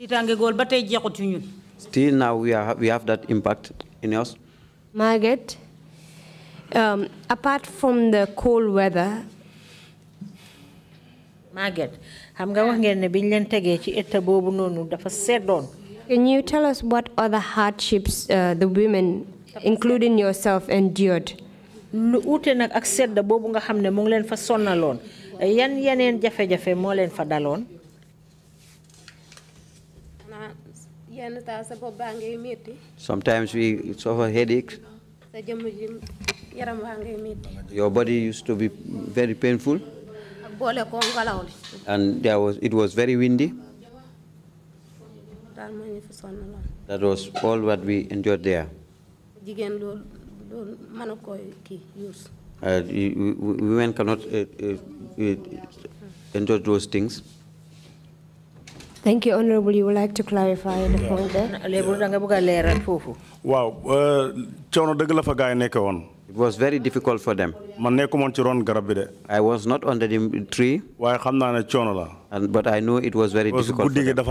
tiitaange góol ba tey ñun. still now we are we have that impact in us. Margaret, um, apart from the cold weather. Margaret, xam nga wax ngeen ne biñ leen tegee ci état boobu noonu dafa seddoon. Can you tell us what other hardships uh, the women, including yourself, endured? nga yan jafe-jafe fa sometimes we suffer headaches your body used to be very painful and there was it was very windy that was all what we enjoyed there. jigéen loolu mën women cannot uh, uh, uh enjoy those things. Thank you, Honorable. You would like to clarify the point there? Lébu da nga bëgg a leeral foofu. waaw coono it was very difficult for them. I was not under the tree. And, but I knew it was very difficult. During the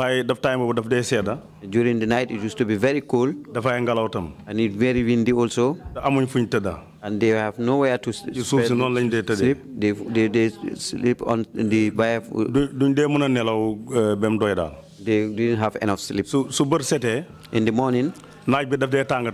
night, it used to be very cold. And it's very windy also. And they have nowhere to sleep. They, they, they sleep on the barefoot. Euh, they didn't have enough sleep. In the morning, naaj bi daf dee tàng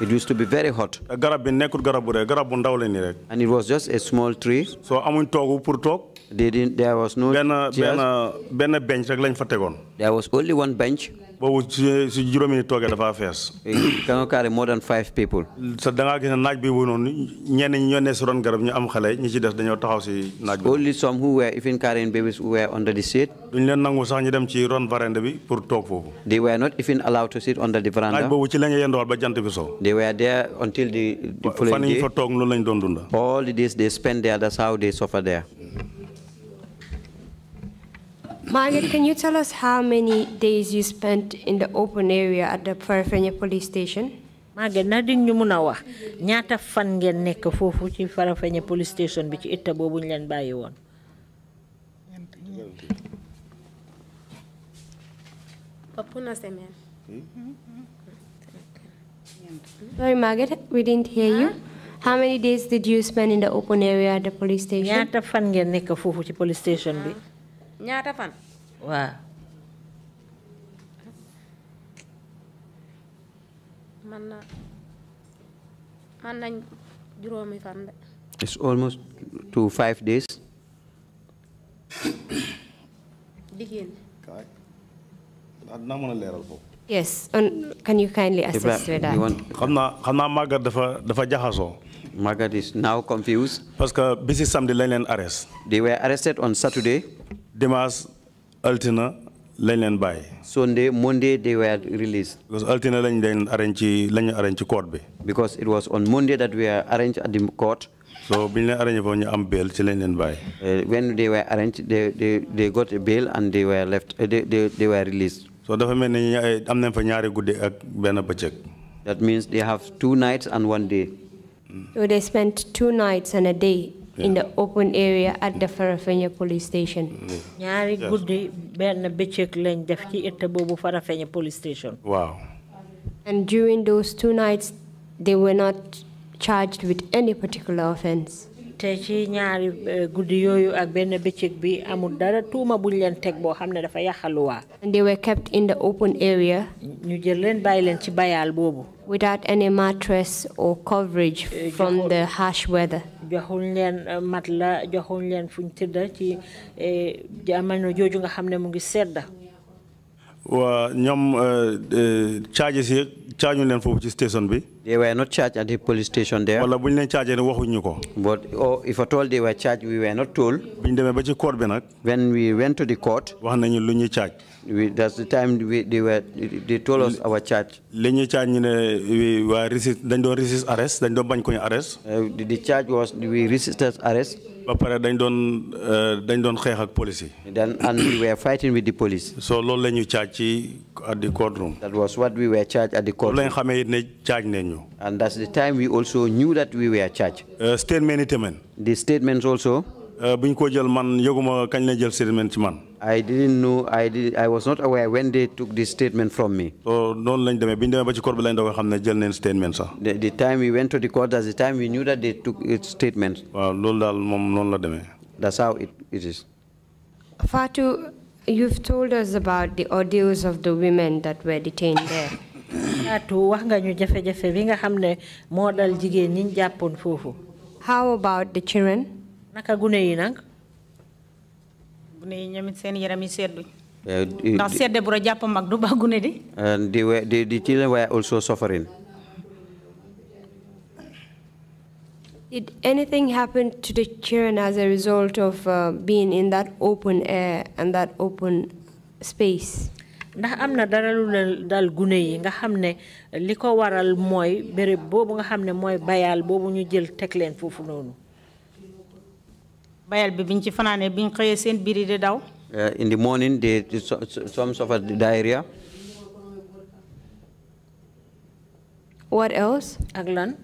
it used to be very hot. garab bi nekkul garab bu garab bu ndaw la rek. and it was just a small tree. soo amuñ toogu pour toog. They didn't, there was no benn benn benn bench rek lañ fa tegoon. There was only one bench. boobu si si juróomi ni toogee dafa fees. Eh, Kano carry more than five people. sa da ngaa gis ne naaj bi wu noonu ñenn ñi ñoo ne si ron garab ñu am xale ñi ci des dañoo taxaw si naaj bi. only some who were even carrying babies who were under the shade. duñ leen nangu sax ñu dem ci ron veranda bi pour toog foofu. they were not even allowed to sit under the veranda. naaj boobu ci la ñu yendool ba jant bi so. they were there until the. the following day fan yi ñu fa toog loolu lañ doon dunda. all the days they spend there that's how they suffer there. Margaret, can you tell us how many days you spent in the open area at the Farafanya police station? Margaret, na din ñu Nyata wax ñaata fan ngeen nekk foofu ci Farafenni police station bi ci ëtta boobu ñu leen bàyyi woon. Papuna semaine. Sorry, Margaret, we didn't hear you. How many days did you spend in the open area at the police station? Nyata fan ngeen nekk foofu ci police station bi ñaata fan. waaw. man na man nañ juróomi fan de. it's almost to five days. jigéen. naa mën a leeral foofu. yes and can you kindly assist with that. xam naa xam naa Maguette dafa dafa jaxasoo. Maguette is now confused. parce que bisi samedi lañ leen arrest. they were arrested on Saturday. Dimas Altina lañ bay. Sunday Monday they were released. because Altina lañ leen arrange ci arrange court bi. because it was on Monday that we were arranged at the court. so biñ leen arrangé foofu am bail ci bay. Uh, when they were arranged they they they got a bail and they were left uh, they they they were released. so dafa mel am nañ fa ñaari guddi ak that means they have two nights and one day. so they spent two nights and a day yeah. in the open area at the Farafenni police station. ñaari mm. guddi benn bëccëg lañ def ci ëtt boobu Farafenni police station. Wow. and during those two nights they were not charged with any particular offence. te ci ñaari eh, guddi yooyu ak benn bëccëg bi amul dara tuuma buñ leen teg boo xam ne dafa yàqaluwaa. and they were kept in the open area. ñu jël leen bàyyi leen ci bayaal boobu without any mattress or coverage from the harsh weather. waa ñoom charges yi charge leen foofu ci station bi. they were not charged at the bu ñu leen chargé ne waxuñ ñu ko. but oh if at all they were charged we were not told. bu demee ba ci court bi nag. when we went to the court. wax nañu lu ñuy charge. we that's the time we they were they told us our charge. li ñuy charge ñu ne waa resist dañ doon resist arrest dañ doon bañ ko ñu arrest. Uh, the charge was we resisted arrest. ba pare dañ doon eh, dañ doon xeex ak police yi. then and we were fighting with the police. so loolu la ñu charge at the courtroom. that was what we were charged at the courtroom. loolu la ñu ne charge nañ and that's the time we also knew that we were charged. Eh, statement yi the statements also. Euh, buñ ko jël man yëguma kañ la jël statement ci man. I didn't know I did I was not aware when they took this statement from me. so noonu lañ demee biñ demee ba ci court bi lañ doog a jël neen statement sax. the the time we went to the court that's the time we knew that they took its statement. waaw loolu daal moom noonu la demee. that's how it it is. Fatu, you've told us about the audios of the women that were detained there. Fatu, wax nga ñu jafe-jafe bi nga xam ne moo dal jigéen ñi jàppoon How about the children? And the the children were also suffering. Did anything happen to the children as a result of uh, being in that open air and that open space? na dal nga waral nga ñu jël uh, in the morning, they, some suffered diarrhea. What else? Aglan.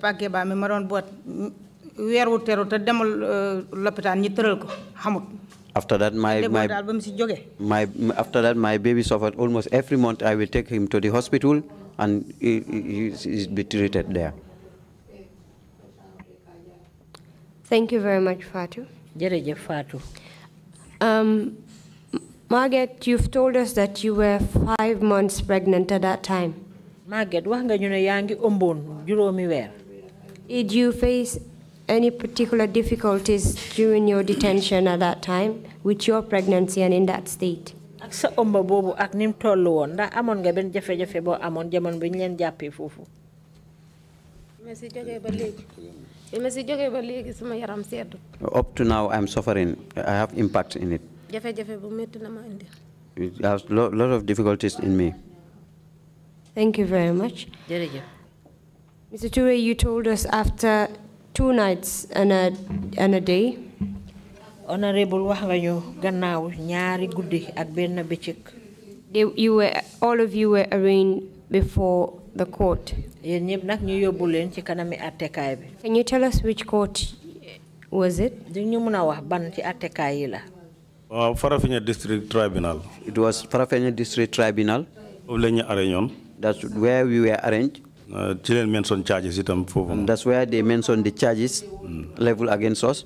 pa keba mi teru te demul uh, ñi ko xamut after that my my my after that my baby suffered almost every month i will take him to the hospital and he, he, be treated there. Thank you very much, Fatu. Jereje Fatu. Um, Margaret, you've told us that you were five months pregnant at that time. Margaret, wax nga ñu umbun. yaa Did you face any particular difficulties during your detention at that time with your pregnancy and in that state? ak sa boobu ak toll woon ndax amoon nga benn jafe-jafe boo amoon bi ñu leen jàppee foofu. ma si jógee ba léegi sama yaram up to now I am suffering I have impact in it. jafe-jafe bu métti na ma indi. lot of difficulties in me. Thank you very much. jërëjëf. Mr. Toure, you told us after two nights and a and a day honorable wax nga ñu gannaaw ñaari guddi ak benn bëccëg. you were all of you were arraigned before the court. yéen ñëpp ñu yóbbu leen ci kanami attekaay bi. can you tell us which court was it? di ñu mën a wax ban ci attekaay yi la. waaw district tribunal. it was Farafenni district tribunal. foofu la ñu that's where we were arraigned. Ah, ci leen mention charges itam foofu. that's where they mention the charges. Hmm. level against us.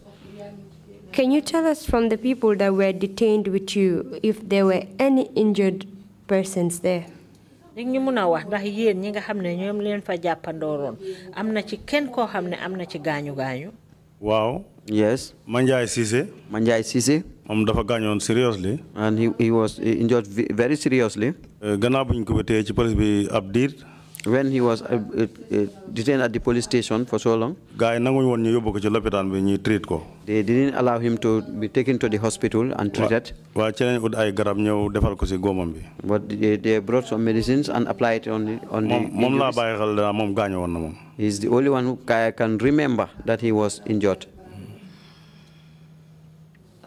Can you tell us from the people that were detained with you if there were any injured persons there? léegi ñu mun a wax ndax yéen ñi nga xam ne ñoom leen fa jàppandooroon am na ci kenn koo xam ne am na ci gaañu gaañu. waaw. yes. Manjai Cissé. Manjai Cissé. moom dafa gaañoon seriously. and he he was injured very seriously. Eh, gannaaw bu ñu ko téye ci police bi ab when he was uh, uh, uh, detained at the police station for so long. They didn't allow him to be taken to the hospital and treated. But they, they brought some medicines and applied it on the on mom, the. mom. He's the only one who can remember that he was injured.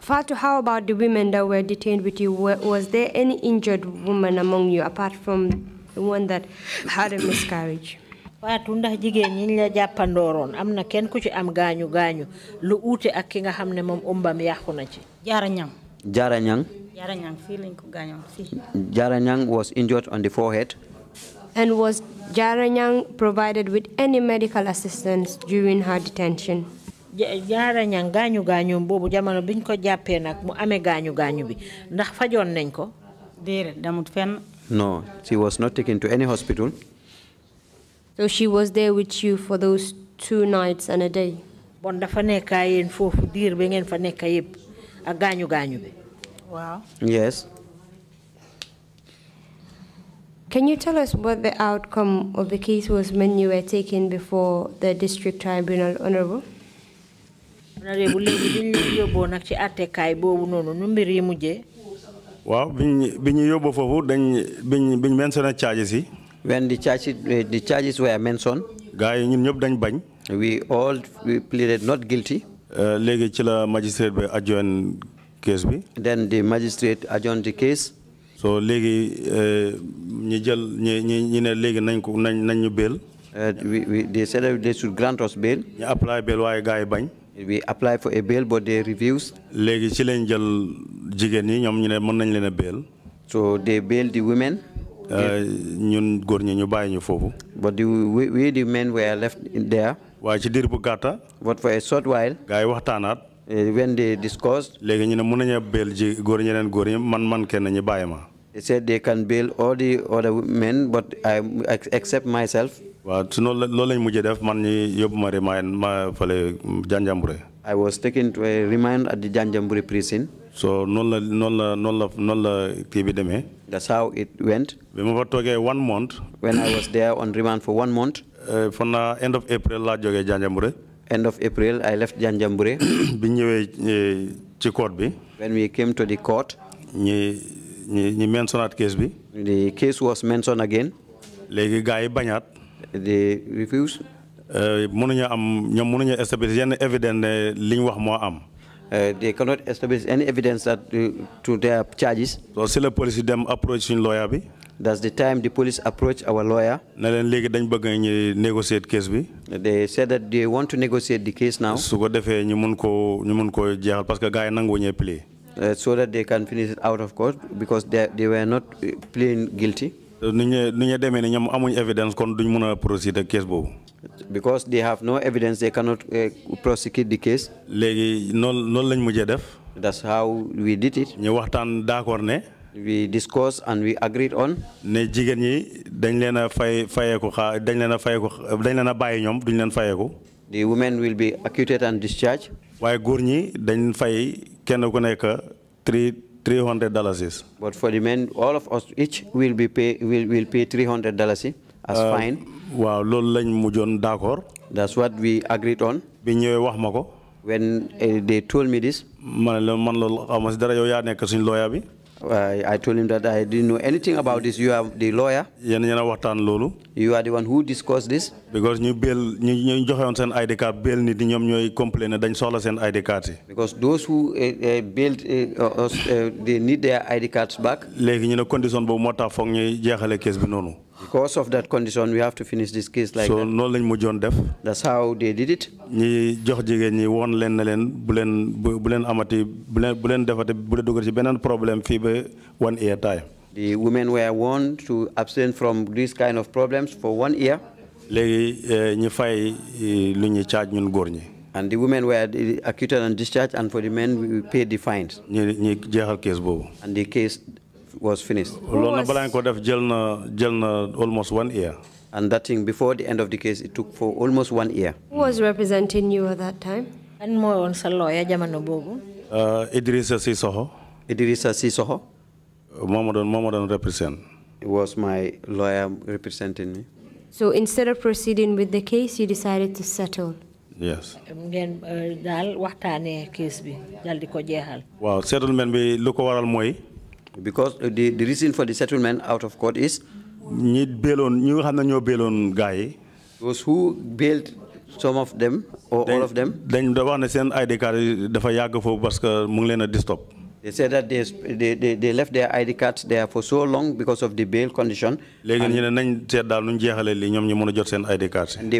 Fatu, how about the women that were detained with you? Was there any injured woman among you apart from one that had a miscarriage. waatu ndax jigéen ñi la jàppandooroon am na kenn ku ci am gaañu gaañu lu uute ak ki nga xam ne moom umbam yàqu na ci. Jaara Ñang. Jaara Ñang. Jaara Ñang fii lañ ko gaañoon fii. Jaara Ñang was injured on the forehead. And was Jaara Ñang provided with any medical assistance during her detention. Jaara Ñang gaañu gaañoom boobu jamono biñ ko jàppee nag mu amee gaañu gaañu bi ndax fajoon nañ ko. déedéet damut fenn. No, she was not taken to any hospital. So she was there with you for those two nights and a day. Wow. yes. Can you tell us what the outcome of the case was when you were taken before the district tribunal, Honorable? Honorable, waaw bi ñu bi ñu yóbbu foofu dañ bi ñu mentionné charges yi. when the charges the charges were mentioned. gars yi ñun ñëpp dañ bañ. we all we pleaded not guilty. Euh, léegi ci la magistrate bi adjourn case bi. then the magistrate adjourned the case. so léegi euh, ñi jël ñi ñi ñi ne léegi nañ ko nañ nañ ñu bail. Uh, we we they said they should grant us bail. ñu apply bail waaye gars yi bañ we apply for a bail but they refuse. bail. so they bail the women. Euh, ñun góor ñi ñu bàyyi ñu but the we we the men were left there. but for a short while. gars eh, when they discussed. bail man man they said they can bail all the other men but I except myself. I was taken to a remand at the Janjanbureh prison. so that's how it went. one month. when I was there on remand for one month. Eh, fan naa end of April laa jógee Janjanbureh. end of April I left Janjanbureh. [CLEARS THROAT] when we came to the court. the case was mentioned again they refuse? Euh, mënuñu am ñoom mënuñu establish yenn evidence ne li wax moo am. Euh, they cannot establish any evidence that uh, to their charges. so si la police dem approach suñu lawyer bi. That's the time the police approach our lawyer. negotiate case They said that they want to negotiate the case now. nangu Uh, so that they can finish it out of court because they, they were not uh, playing guilty. nu ñu nu ñu demee ni ñoom amuñ evidence kon duñ mën a procéder case boobu. because they have no evidence they cannot eh, prosecute di case. léegi noonu noonu lañ mujjee def. that's how we did it. ñu waxtaan d'accord ne. we discussed and we agreed on. ne jigéen ñi dañ leen a fay fayeeku xaa dañ leen a fayeeku dañ leen a bàyyi ñoom duñ leen fayeeku. the women will be acquitted and discharged. waaye góor ñi dañ fay kenn ku nekk 300 dalasis. But for the men, all of us each will be pay will will pay 300 as uh, fine. waaw loolu lañ mujjoon d'accord. that's what we agreed on. bi ñëwee wax ma ko. when eh, they told me this. ma ne la man loolu xaw ma si dara yaa nekk suñ lawyer bi. Uh, I told him that I didn't know anything about this. You are the lawyer. you are the one who discussed this. because ñu bail ñu ñu joxewoon ID card complain ne dañ soxla ID because those who eh, eh, build, eh, they need their ID cards back. léegi ñu condition boobu we tax foog ñuy case bi because of that condition we have to finish this case like so that. loolu lañ mujjoon def that's how they did it ñi jox jigéen ñi woon leen na leen bu leen bu leen amati bu leen bu leen defati bu leen dugal ci one year time the women were warned to abstain from these kind of problems for one year léegi eh, ñi fay eh, lu charge ñun góor ñi and the women were eh, acquitted and discharged and for the men we paid the fines ñi ñi jeexal case boobu and the case was finished. almost one year. and that thing before the end of the case it took for almost one year. Who was representing you at that time? And more woon lawyer jamono boobu. Uh, Idrissa Sissoko. Idrissa Sissoko. Uh, moo ma represent. It was my lawyer representing me. So instead of proceeding with the case, you decided to settle. Yes. Well, uh, case settlement be lu ko because the, the reason for the settlement out of court is ñi béloon ñi nga xam ne ñoo béloon those who bailed some of them or all of them. Then da wax ne seen ID card dafa yàgg foofu parce que mu ngi leen a They said that they, they, they, left their ID cards there for so long because of the bail condition. And they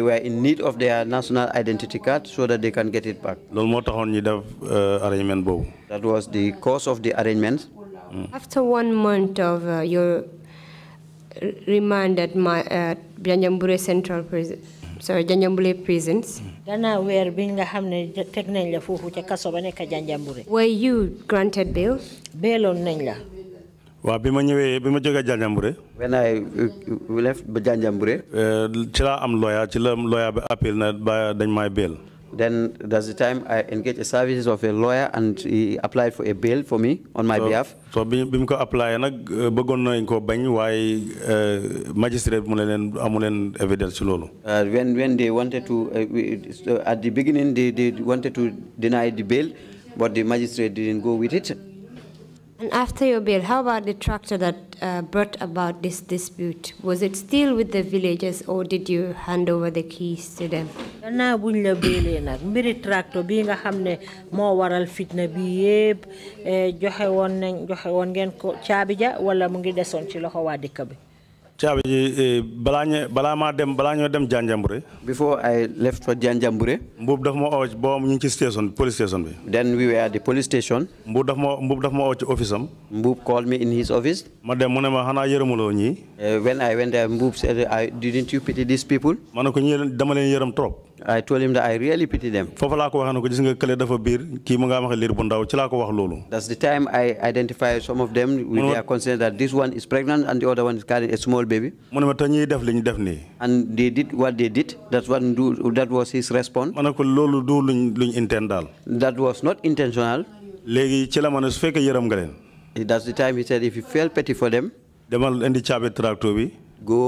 were in need of their national identity card so that they can get it back. Euh, that was the cause of the arrangement. Mm. After one month of uh, your remand at my at Janjambure Central Prison, sorry Janjambure prisons. Mm. Dana were being hamne Were you granted bail? Bail on nila. Wa When I left Janjambure. Eh, I am lawyer I am lawyer bi appel na ba dañ may bail. Then there's the time I engaged the services of a lawyer and he applied for a bail for me on my so, behalf. So bim ko apply nak eh, begon na ko way eh, magistrate mu len amulen evidence lolu. Uh, when when they wanted to uh, at the beginning they they wanted to deny the bail but the magistrate didn't go with it. And after your bill, how about the tractor that uh, brought about this dispute? Was it still with the villagers or did you hand over the keys to them? gannaaw buñ la béelee nag mbiri tracto bii nga xam ne moo waral fitna bi yëpp eh, joxe woon nañ joxe woon ngeen ko caabi ja wala mu ngi desoon ci loxo waa dëkk bi caabi ji eh, balaa ñu balaa maa dem balaa ñoo dem Janjanbureh. before I left for Janjanbureh. Mbuub daf ma oo boo ñu ngi ci station police station bi. then we were at the police station. Mbuub daf ma Mbuub daf ma oo ci office am. Mbuub called me in his office. ma dem mu ne ma xanaa yërëmuloo ñii. Eh, when I went there Mbuub said I didn't you pity these people. ma ne ko ñii dama leen yërëm trop. I told him that I really pity them. that's the time I identify some of them. with their concern that this one is pregnant and the other one is carrying a small baby. and they did what they did. that's what do that was his response. that was not intentional. that's the time he said if you feel pity for them. go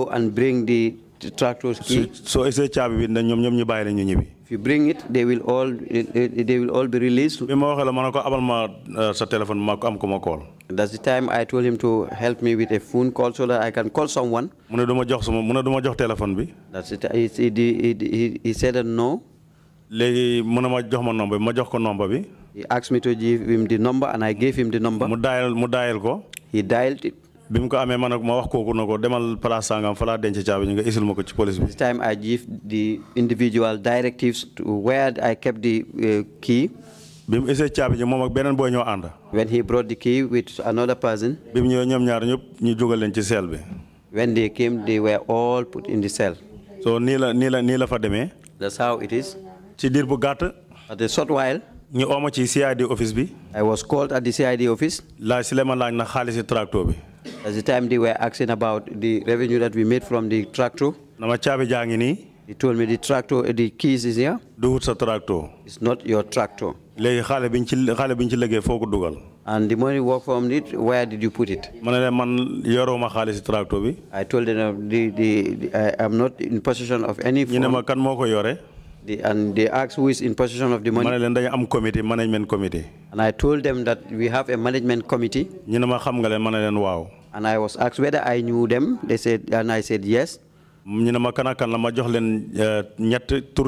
and bring the tractors key. So, so ese caabi bi ñom ñom ñu bay lañu ñibi. If you bring it, they will all they will all be released. Bi ma waxee la ma abal ma euh, sa téléphone ma am ko ma call. That's the time I told him to help me with a phone call so that I can call someone. Mu ne duma jox sama mu ne duma jox téléphone bi. That's it. He, he, he, said no. Léegi mu ne ma jox ma number ma jox ko number bi. He asked me to give him the number and I gave him the number. Mu dial mu dial ko. He dialed it ko man ma wax demal place sangam denc nga isil ci police bi. this time I gave the individual directives to where I kept the eh, key. ji ak ànd. when he brought the key with another person. ñaar ñu jógal ci bi. when they came they were all put in the cell. so nii la nii la nii la fa that's how it is. ci diir bu gàtt. at a short while. ñu ooma ci CID office bi. I was called at the CID office. la ma laaj na xaalisi tracteur bi. That's the time they were asking about the revenue that we made from the tractor. Nama caabi He told me the tractor, the keys is here. Duhut sa tractor. It's not your tractor. Léegi xaale bi ñu ci xaale And the money work from it, where did you put it? Ma ne leen tractor bi. I told him uh, the, the, I am not in possession of any. Ñu ne ma kan ko yore. The, and they asked who is in possession of the money. ma am committee management committee. and I told them that we have a management committee. xam nga and I was asked whether I knew them they said and I said yes. ma kan la ma jox eh,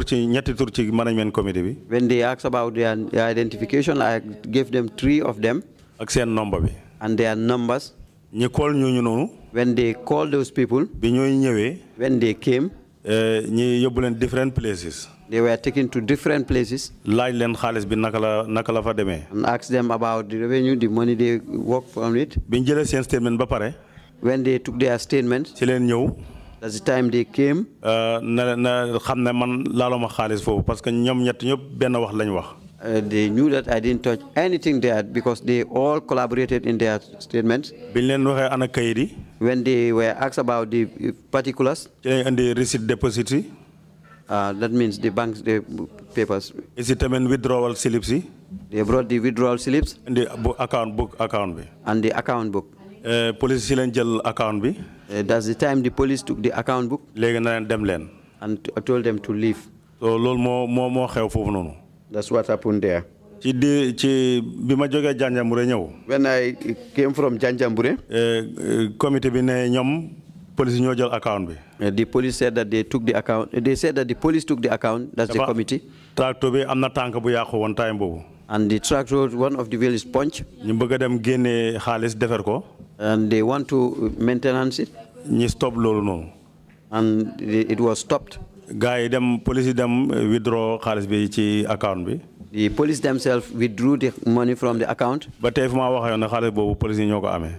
ci ci management bi. when they asked about their identification I gave them three of them. ak bi. and their numbers. ñi call when they called those people. bi when they came. Eh, ñi different places. they were taken to different places. laaj leen xaalis bi naka la fa demee. and ask them about the revenue the money they work from it. biñ jëlee seen statement ba pare. when they took their statement. ci leen ñëw. that's the time they came. na eh, na xam ne man laaluma xaalis foofu parce que ñoom ñett ñëpp benn wax lañ wax. Uh, they knew that I didn't touch anything there because they all collaborated in their statements. When they were asked about the uh, particulars, and the receipt depository, uh, that means the bank's the papers. Is it a withdrawal slips? They brought the withdrawal slips. And the account book account. And the account book. Uh, police account. Uh, that's the time the police took the account book. And told them to leave. So, lol mo mo mo that's what happened there. When I came from Janjambure, eh, eh, committee bi ne ñom police ñoo jël account eh, The police said that they took the account. They said that the police took the account. That's the committee. amna time And the tractor, one of the village punch. And they want to maintenance it. stop And it was stopped gars them dem police them dem eh, withdraw xaalis bi ci account bi. the police themselves withdrew the money from the account. ba tey fu ma waxee yoon ne police yi ñoo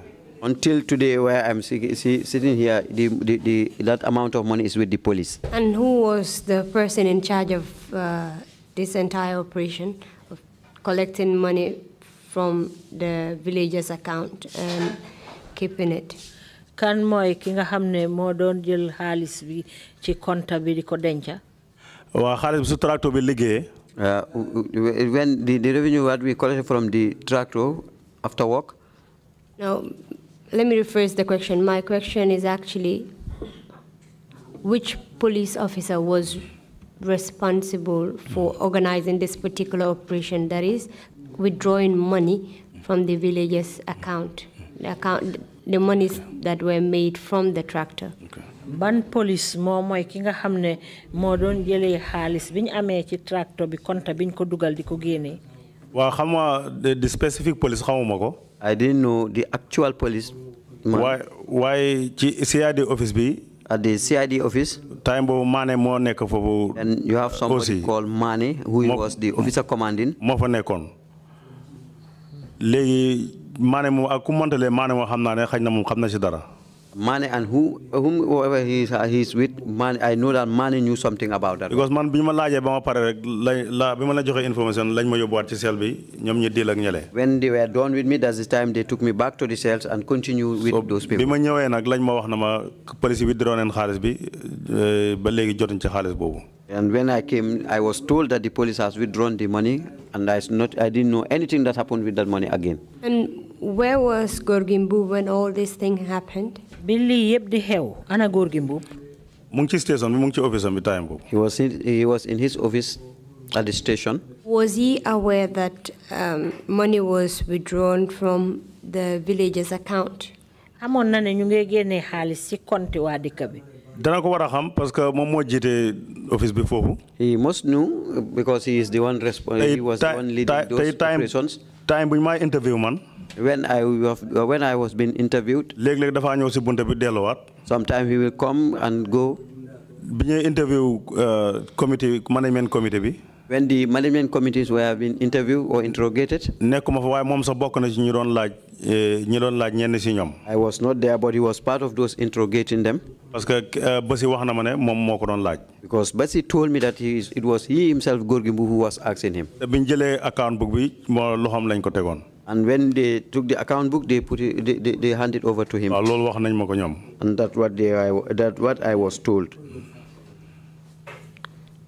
until today where I'm sitting here, the, the, the, that amount of money is with the police. And who was the person in charge of uh, this entire operation of collecting money from the villagers' account and keeping it? kan mooy ki nga xam ne moo doon jël xaalis bi ci compte bi di ko denca waa xaalis bi su tracto bi liggéeyee uh, when the, the revenue that we collected from the tractor after work? Now, let me rephrase the question. My question is actually which police officer was responsible for hmm. organizing this particular operation, that is, withdrawing money from the villagers' account? The account the monies that were made from the tractor. ban police mo mo ki nga xam ne moo doon jëlee xaalis bi ñu tractor bi compte bi ñu ko dugal di ko génnee. waaw xam nga the specific police xamuma ko. I didn't know the actual police. Why? Why? CID office be at the CID office. Time bo Mane mo And you have somebody called Mane who was the officer commanding. Mo fa Legi maane moom ak ku mëntalee maane moom xam naa ne xañ na moom xam na si dara Money and who, whom, whoever he is, he's with, money. I know that money knew something about that. Because man, bima laje bama pare rek, la bima la joxe information, lañ ma yobbat ci cell bi, ñom ak When they were done with me, that's the time they took me back to the cells and continue with so, those people. Bima ñëwé nak lañ ma wax na ma police bi draw nañ bi, ba légui ci bobu. And when I came, I was told that the police has withdrawn the money, and I's not, I didn't know anything that happened with that money again. And where was Gorgimbu when all this thing happened? bi lii yëpp di xew ana góor gi Mbub. mu ngi ci station bi mu ngi ci office am bi time boobu. he was in he was in his office at the station. Was he aware that um, money was withdrawn from the village's account? amoon na ne ñu ngi génnee xaalis ci compte waa dëkk bi. dana ko war a xam parce que moom moo jiite office bi foofu. he must know because he is the one responsible. he was the one leading those operations. time bu ñu may interview man when I was, uh, when I was being interviewed. sometimes he will come and go. bi interview uh, committee management committee bi. when the management committees were being interviewed or interrogated. Eh, I was not there but he was part of those interrogating them. Eh, because Basi told me that he it was he himself Gorgui who was asking him. And when they took the account book, they put it, they, they, they handed over to him. And that's what they, I, that what I was told.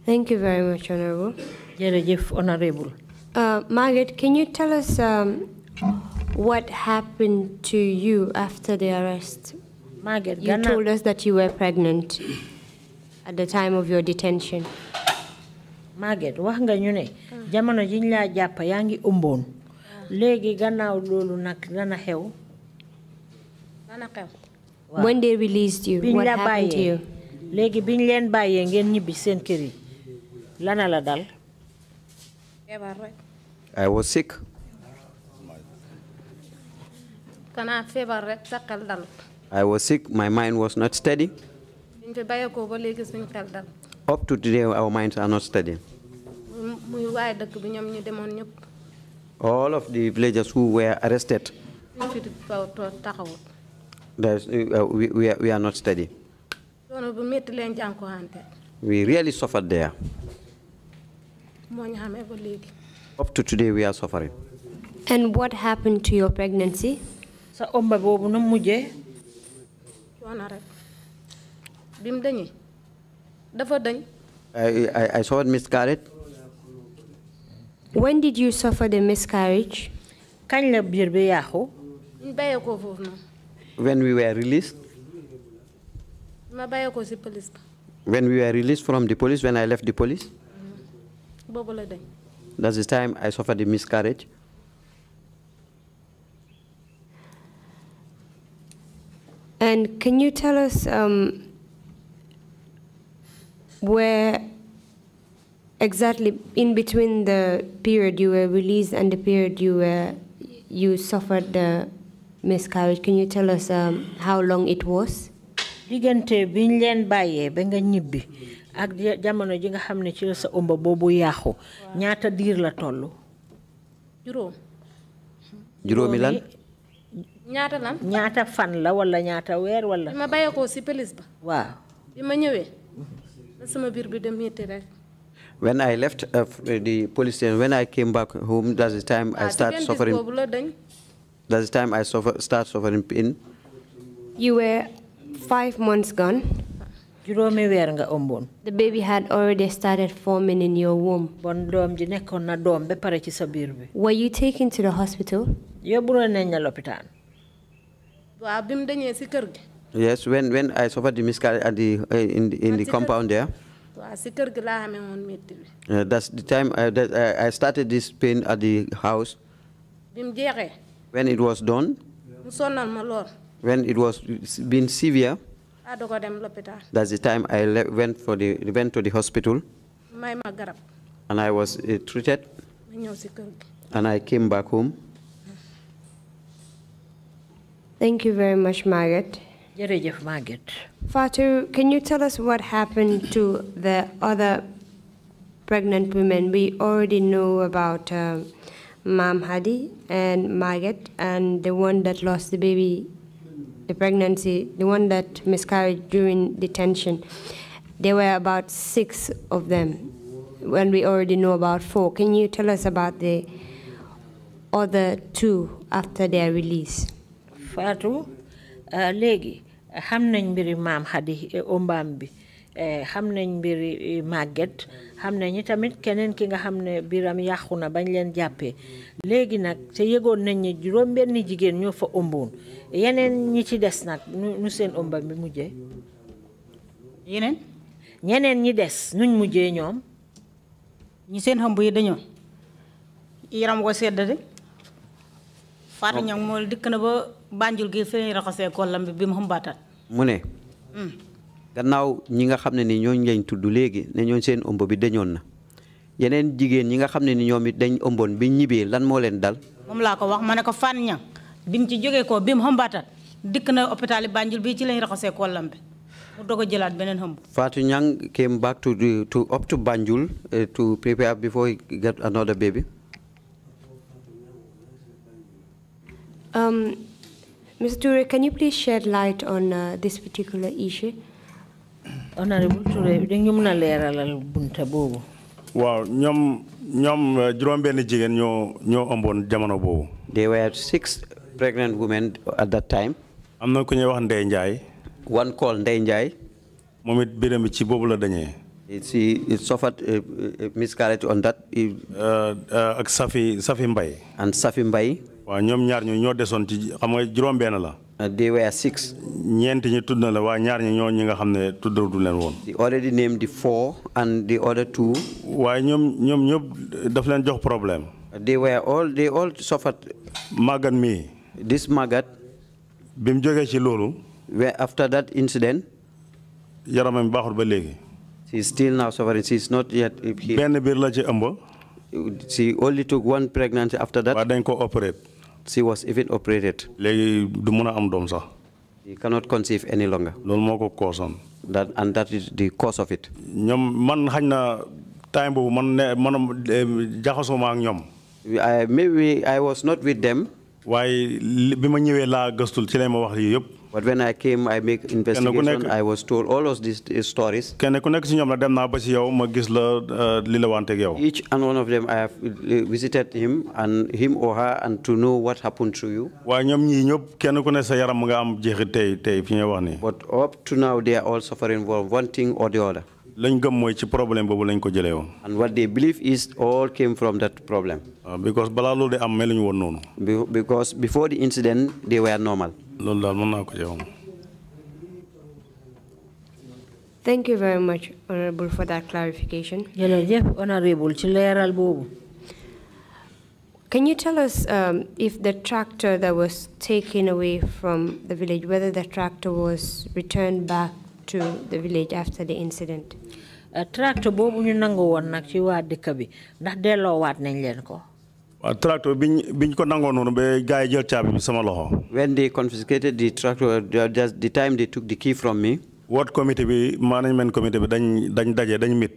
Thank you very much, Honorable. Honorable. Uh, Margaret, can you tell us um, what happened to you after the arrest? Margaret, you told us that you were pregnant at the time of your detention. Margaret, wax nga ñu ne jamono jiñ dana xew. dana xew. when they released you. what happened to you léegi biñ leen bàyyee ngeen ñibbi seen lana la dal. I was sick. I was sick, my mind was not steady. Up to today, our minds are not steady. All of the villagers who were arrested. Uh, uh, uh, we, we, are, we are not steady. We really suffered there. Up to today, we are suffering. And what happened to your pregnancy? I, I, I saw it miscarried. When did you suffer the miscarriage? When we were released. When we were released from the police, when I left the police. Mm-hmm. That's the time I suffered the miscarriage. And can you tell us um, where exactly in between the period you were released and the period you were you suffered the miscarriage can you tell us um, how long it was diggante biñ leen bàyyee ba nga ñibbi ak jamono ji nga xam ci sa umba boobu yaaxu ñaata diir la Juro juróom juróomi lan ñaata lan ñaata fan la wala ñaata weer wala bi ma bàyyeekoo si pëlis ba waaw bi ma sama biir bi dem metti rek when I left uh, uh, the police station, when I came back home, that's the time I ah, start suffering. That's the time I suffer, start suffering pain. You were five months gone. The baby had already started forming in your womb. Were you taken to the hospital? Yes, when, when I suffered the miscarriage at uh, the, uh, in, in the compound there. Uh, that's the time I, uh, that, uh, I started this pain at the house. When it was done, when it was been severe, that's the time I went, for the, went to the hospital. And I was uh, treated. And I came back home. Thank you very much, Margaret. Fatu, can you tell us what happened to the other pregnant women? We already know about uh, Mam Hadi and Margaret and the one that lost the baby, the pregnancy, the one that miscarried during detention. There were about six of them when we already know about four. Can you tell us about the other two after their release? Fatu, uh, Legi. xam nañ mbiri maam xadi e, ombaam bi e, xam nañ mbiri e, màgget xam nañ tamit keneen ki nga xam ne biram yàqu na bañ leen jàppee léegi nag te yëgoon nañ ne juróom benn jigéen ñoo fa ëmboon yeneen ñi ci des nag nu seen ëmbam bi mujjee yeneen ñeneen ñi des nuñ mujjee ñoom ñi seen ëmb yi dañoo yaram ko sedd de faatu ñag mool dikk na ba Banjul gi sëriñ raxasee kollam bi bi mu xumbaataat. gannaaw ñi nga xam ni ñooñu lañ tudd léegi ne ñooñ seen ëmb bi dañoon na yeneen jigéen ñi nga xam ni ñoom dañ ëmboon bi ñibbee lan moo leen dal. moom laa ko wax ma ko Fane Niang bi ci jógee koo bi mu xumbaataat na hôpital Banjul bii ci lañ raxasee kollam bi. dogo jëlaat beneen hump. Fatou Nyang came back to the, to up to Banjul uh, to prepare before he get another baby. Um, Mr. Ture, can you please shed light on uh, this particular issue? Honorable Ture, ñum na leralal bunta bobu. Waaw, ñom ñom uh, juroom benn jigen ñoo ñoo ëmbon jamono bobu. They were six pregnant women at that time. Am na ku ñuy wax Ndey Njaay. One called Ndey Njaay. Moom it biram ci bobu la dañé. She it suffered a, uh, a uh, miscarriage on that. Uh, uh, Safi, Safi Mbai. And Safi Mbai waaw ñoom ñaar ñoo ñoo desoon ci xam nga juróom-benn la. Uh, they were six. ñi tudd na la waaye ñaar ñi ñoo ñi nga leen woon. they already named the four and the other two. waaye ñoom ñoom ñëpp daf leen jox problème. they were all they all suffered. màggat mii. this magat bi mu ci where after that incident. yaramam ba she is still now suffering she is not yet. la ci she only took one pregnancy after that. waaye dañ ko opéré. She was even operated. léegi du am cannot conceive any longer. that and that is the cause of it. man time man man I maybe I was not with them. But when I came, I make investigation. I was told all of these stories. Euh, Each and one of them, I have uh, visited him and him or her, and to know what happened to you. But up to now, they are all suffering from one thing or the other. And what they believe is all came from that problem. Uh, because, because before the incident, they were normal loolu daal mën naa ko jawam thank you very much honorable for that clarification jërëjëf honorable ci leeral boobu Can you tell us um, if the tractor that was taken away from the village, whether the tractor was returned back to the village after the incident? A tractor boobu ñu nangu woon nag ci waa dëkk bi ndax delloowaat nañ leen ko. tracteur biñ biñ ko nangoo noonu ba gars yi jël caabi bi sama loxo. when they confiscated the tractor just the time they took the key from me. what committee bi management committee bi dañ dañ daje dañ mit.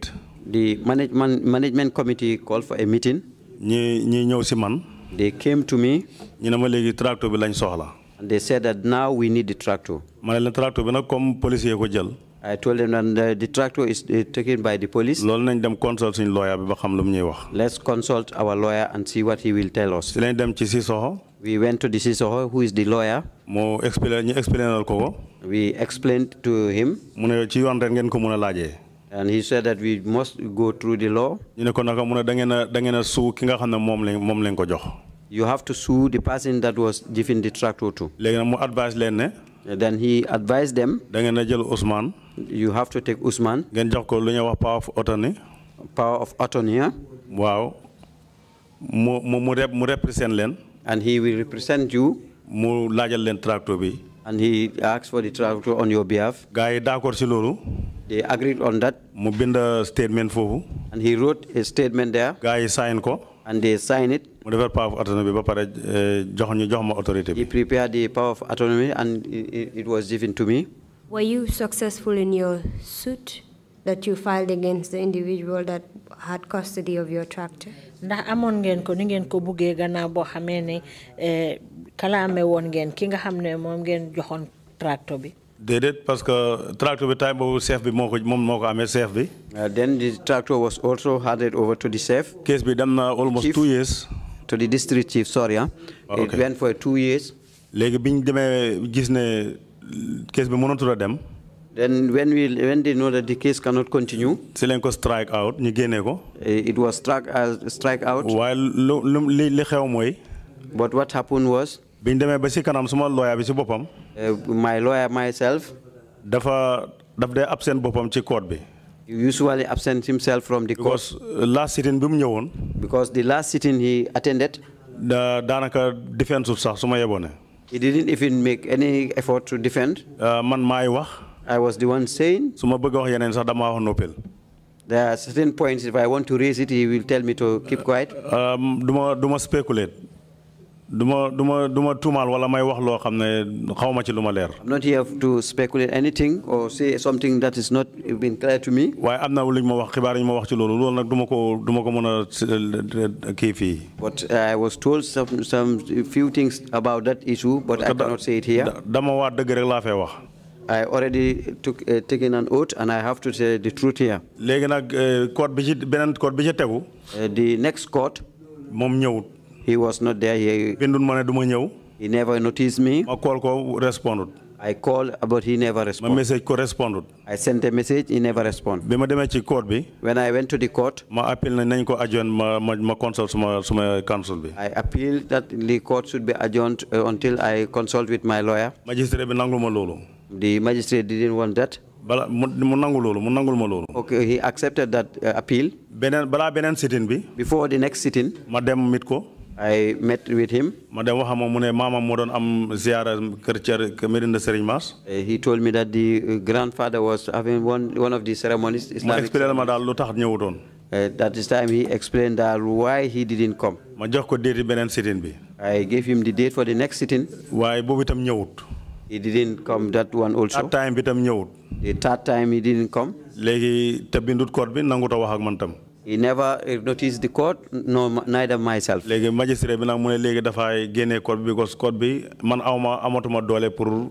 the management management committee called for a meeting. ñi ñi ñëw si man. they came to me. ñu ne ma léegi tracteur bi lañ soxla. they said that now we need the tractor. ma ne leen tracteur bi nag comme policier ko jël. I told them that the, the tractor is uh, taken by the police. dem consult lawyer let's consult our lawyer and see what he will tell us. dem we went to the Sissoko who is the lawyer. explain we explained to him. And he said that we must go through the law. You have to sue the person that was driving the tractor to then he advised them. da ngeen you have to take Usman. ngeen jox ko power of attorney. power of attorney. Wow. mu mu mu represent leen. and he will represent you. mu laajal leen tractor bi. and he asks for the tractor on your behalf. gars yi d'accord ci loolu. They agreed on that. Mu binda statement foofu. And he wrote a statement there. Gars sign ko. And they sign it mu power of autonomy ba pare eh, jox autorité he prepared the power of autonomy and it, was given to me. Were you successful in your suit that you filed against the individual that had custody of your tractor? ndax amoon ngeen ko ni ngeen ko buggee gannaaw boo xamee ne eh, kalaame woon ngeen ki nga xam ne ngeen joxoon tractor bi. déedéet parce que tractor bi time boobu chef bi moo ko moom moo chef bi. Uh, then the tractor was also handed over to the chef. case bi dem na almost two years to the district chief, sorry. Huh? Oh, okay. It went for two years. Then when we when they know that the case cannot continue. si strike out ñu eh, it was struck as strike out. While lu but what happened was. biñ demee ba si kanam suma eh, my lawyer myself. dafa daf dee absent boppam ci court bi. He usually absent himself from the court. Because uh, last sitting bi mu Because the last sitting he attended. da Danaka defense of sax su ma He didn't even make any effort to defend. Uh, man maay wax. I was the one saying. su ma bëgg wax yeneen sax dama wax noppil. There are certain points if I want to raise it he will tell me to keep quiet. Uh, um, duma duma speculate wala may wax ci leer. I'm not here to speculate anything or say something that is not been clear to me. waaye am na ma wax xibaar ñu ma wax ci loolu loolu nag du ko ko but I was told some some few things about that issue. but I cannot say it here. dama waa dëgg rek laa wax. I already took uh, taken an oath and I have to say the truth here. Eh, bi ci bi ci tegu. Eh, the next court. ñëwut. He was not there. He, he never noticed me. I called, but he never responded. My message corresponded. I sent a message, he never responded. When I went to the court, I appealed that the court should be adjourned uh, until I consult with my lawyer. The magistrate didn't want that. Okay, he accepted that uh, appeal. Before the next sitting, I met with him. Madam, the Uh, he told me that the uh, grandfather was having one, one of the ceremonies. Islamic ceremonies. Uh, that this time he explained that why he didn't come. I gave him the date for the next sitting. Why He didn't come that one also. That time bitam ñewut. The third time he didn't come. Legi tabindut koor bi nanguta wax ak man tam. He never noticed the court, no, neither myself. léegi magistrate bi nag mu ne léegi dafay because court bi man awma amatuma doole pour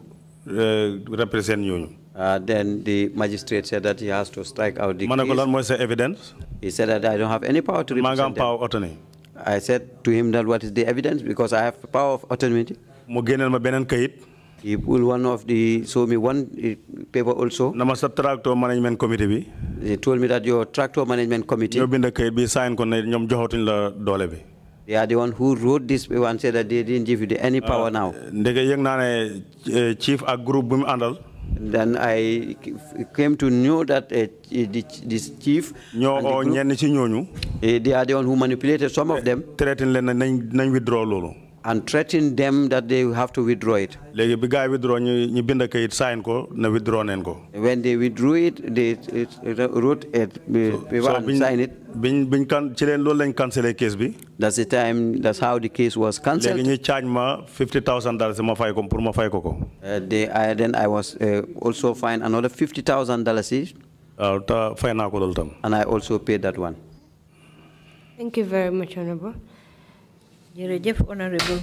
euh, represent you. Ah, then the magistrate said that he has to strike out the case. ma ne ko evidence. he said that I don't have any power to represent them. power attorney. I said to him that what is the evidence because I have power of attorney. mu génneel ma beneen kayit. He pulled one of the, so me one uh, paper also. Namasa tractor management committee bi. They told me that your tractor management committee. Ñoo bind kayit bi sign ko ñoom joxatuñ la doole bi. They are the one who wrote this paper and said that they didn't any power ah, now. Ndeke yëg naa ne eh, chief ak group bu mu àndal. Then I came to know that uh, the, chief. ñoo oo ñenn ci ñooñu. Eh, they are the one who manipulated some of them. Threatened leen nañ nañ withdraw loolu. and threaten them that they have to withdraw it. Léegi bi withdraw ñu ñu bind kayit sign ko na withdraw neen When they withdrew it they it, it wrote it paper so, sign it. Biñ biñ kan ci leen loolu lañ cancellé case bi. That's the time that's how the case was cancelled. Léegi ñu charge ma 50000 dollars ma fay ko pour ma fay ko ko. Uh, they then I was uh, also fined another 50000 dollars. Uh, ta fay naa ko loolu And I also paid that one. Thank you very much honorable. Yerejef, Honorable.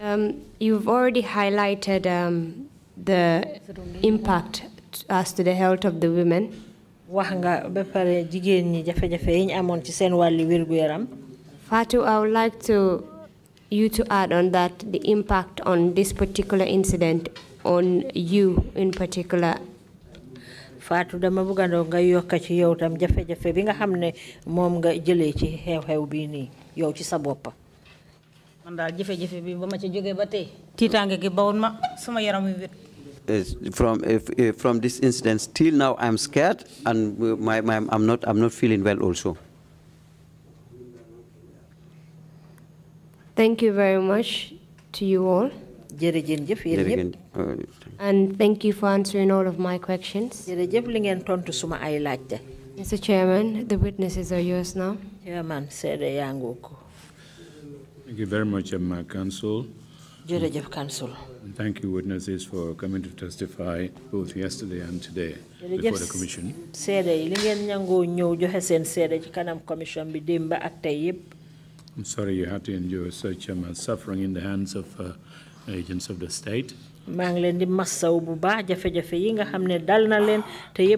Um, you've already highlighted um, the impact as uh, to the health of the women. wax nga ba pare jigéen ñi Fatou, I would like to you to add on that the impact on this particular incident on you in particular. Fatou dama bëgg a nga yokk ci yow tam jafe-jafe bi nga xam ne moom nga jëlee ci xew-xew man bi ci ba gi ma yaram wi wét from from this incident till now I'm scared and my, my, I'm not I'm not feeling well also. Thank you very much to you all. Uh, and thank you for answering all of my questions. Mr. Chairman, the witnesses are yours now. Chairman, said Thank you very much, um, Council. Jërëjëf Council. And thank you, witnesses, for coming to testify both yesterday and today before the Commission. Seede yi li ngeen ñangoo ñëw joxe seen seede ci kanam commission bi démb ak tey yëpp. I'm sorry you had to endure such um, suffering in the hands of uh, agents of the state. maa ngi leen jafe-jafe yi nga xam ne dal na leen te